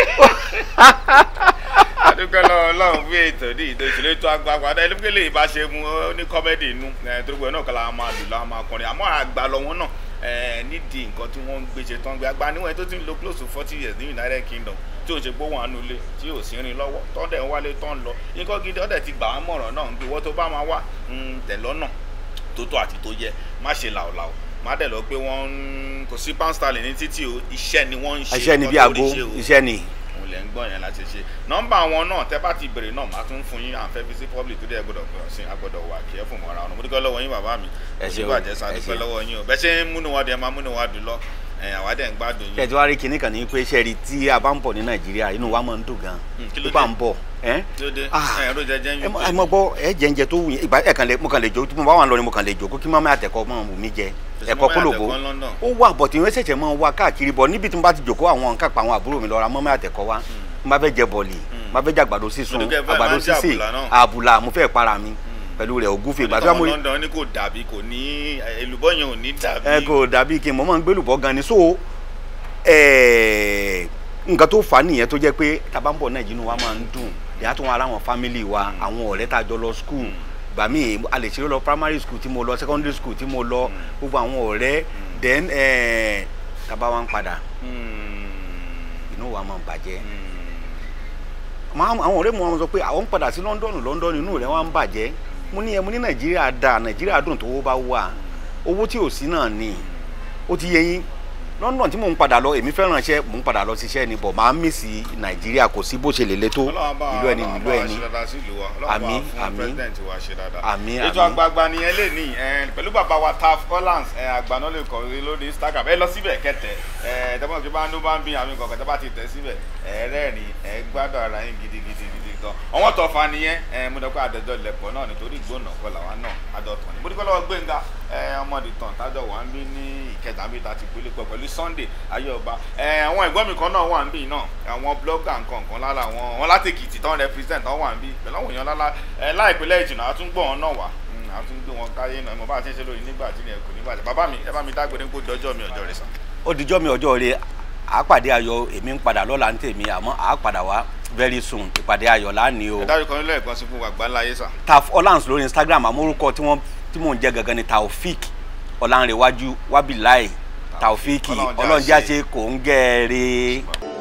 adúgbò lọ́wọ́ lọ́wọ́ fún ètò ní ìdòṣèlú ètò àgbààgbà ẹni pé lè bá ṣe mu ní kọ́mẹ́dì inú torípé náà kọ́ la máa lù la máa kọrin àmọ́ àgbà lọ́wọ́ náà nídìí nǹkan tí wọ́n ń gbé ṣe tán gbé àgbà níwọ̀n tó ti ń lo close to forty years ní United Kingdom tí ò ṣe pé wọn ànulè tí ò sí rin lọ́wọ́ tọ́ndẹ̀ ń wálé tán lọ nǹkan gidi ọ̀dẹ̀ ti gbà wọ́n mọ̀ràn náà gbé wọ́n tó bá máa wá mm, tẹ̀lọ́nà tó tó àti tó yẹ má ṣe làwòlàwò má dẹ̀ lọ pé wọ́n ń kò sí pound sterling ní títì o iṣẹ́ ni wọ́n ń ṣe iṣẹ́ ni bí aago iṣẹ́ ni òun lẹ̀ ń gbọ́ yẹn láti ṣe nọ́mbà wọn náà tẹ́ bá ti bèrè náà má tún fún yín à ń fẹ́ visit public tó dẹ̀ gbọ́dọ̀ gbọ́dọ̀ sí agbọ́dọ̀ wà kí ẹ fún mọ́ra ọ̀nà mo dúpẹ́ lọ́wọ́ yín bàbá mi mo dúpẹ́ àjẹsà dúpẹ́ lọ́wọ́ yín o bẹ́ẹ̀ ṣe ń múnú wa dẹ̀ máa múnú wa dùn lọ àwa dẹ̀ ń gbádùn yín. ṣètò àrí kìnnì kan ní pé sẹ́ẹ̀rì tí a bá ń bọ̀ ní nàìjíríà inú wa máa ń dùn gan-an hmm, pípa ń bọ̀ ah, ẹ ẹ mọ gbọ́ ẹ jẹnjẹ tó wù yín ẹ kàn lè mo kàn lè jó mo bá wà lọ ni mo kàn lè jó kó kí má má àtẹkọ mọ wù mí jẹ ẹkọ kólòbó ó wà bọ̀ tí wọ́n ṣẹ̀ṣẹ̀ máa wá káàkiri bọ̀ níbi tí mo bá ti jòkó àwọn nǹkan pa àwọn àbúrò mi lọ́ra mọ́ má àtẹkọ wa hmm. mo bá fẹ́ jẹ bọ̀lì hmm. mo bá fẹ́ jẹ àgbàdo sísun àgbàdo sísè àbùlà mo fẹ́ para mi pẹ̀lú rẹ̀ ògúfe ìgbà tí wọ́n mú. London ni kò dàbí kò ní èlùbọ́ yẹn ò ní dàbí. ẹ kò dàbí kí n mọ̀ máa ń gbélùbọ́ gan ni so nǹkan tó fà á nìyẹn tó jẹ́ pé taba ń bọ̀ náà ìjìnnú wa máa ń dùn ìyá tó wọn ara wọn family wa hmm. àwọn ọ̀rẹ́ tá a jọ lọ school hmm. gbà mí a lè ṣeré lọ primary school tí mo lọ secondary school tí mo lọ hmm. gbogbo àwọn ọ̀rẹ́ then taba wa ń padà inú wa máa ń bàjẹ́ àwọn ọ̀rẹ́ mi wọn sọ pé àwọn ń padà sí London London inú rẹ̀ wọn ń bàjẹ́ mo ní ẹ mo ní nàìjíríà dáa nàìjíríà dùn tó owó bá wà owó tí ò sí náà ni ó ti yẹ yín London tí mò ń padà lọ èmi fẹ́ràn iṣẹ́ mò ń padà lọ ṣiṣẹ́ ni bọ̀ máa ń mì sí nàìjíríà kò sí bó ṣe lè le tó ìlú ẹni ìlú ẹni àmì àmì àmì ètò àgbààgbà ni ẹ lè ní pẹ̀lú bàbá wa Taff Collins àgbàná lè kọ̀ lórí Instagram ẹ lọ síbẹ̀ kẹtẹ ẹ tẹ́gbọ́n tó bá ń dún bá ń bí àmì kọ̀ọ̀kan tó bá ti tẹ̀ síbẹ̀ ẹ rẹ́rìn ẹ gbádùn ara yín gidigidi gan ọwọ́n tó fa nìyẹn ẹ mo dẹ́kun àdẹ́jọ́ lẹ̀pọ̀ náà nítorí ìgbóná kọ́ làwa náà àdọ́tàn ni bódìkọ́ lọ́wọ́ gbẹ̀ngà ọmọdé tán tájọ wà ń bí ní ìkẹta bí ta ti pélé pọ̀ pẹ̀lú Sunday ayọ̀ọba ẹ àwọn ẹ̀gbọ́n mi kan náà wà ń bí náà àwọn blọ́gà nǹkan lára àwọn wọn láti Èkìtì tán represent tán wà ń bí pẹ̀lú àwọn èèyàn lára láìpẹ́lẹ́ ìjìnà àtúngbọ̀n náà wà hmm, a wọn káyé náà mo bá ti ń ṣe lórí nígbà tí ilẹ̀ kò ní bàbá mi ẹ bá mi dágbére kó dọjọ́ mi ọjọ́ rẹ sàn. ó dijọ́ mi ọjọ́ rẹ àápàdé ayọ̀ èmi ń padà lọ́la ń tèmi àmọ́ àápàdà wá very soon ìpàdé ayọ̀ lánìí o. ẹ̀dá ìkọ́ni lẹ́ẹ̀kan sí fún àgbáláyé sà. taf ọláǹs lórí instagram àmórúkọ tí wọ́n tí mò ń jẹ́ gangan ni taofik ọ̀làǹrẹ̀wájú wábìláì taofik ọlọ́njẹ́ àṣẹ kò ń gẹ̀ẹ́rẹ́.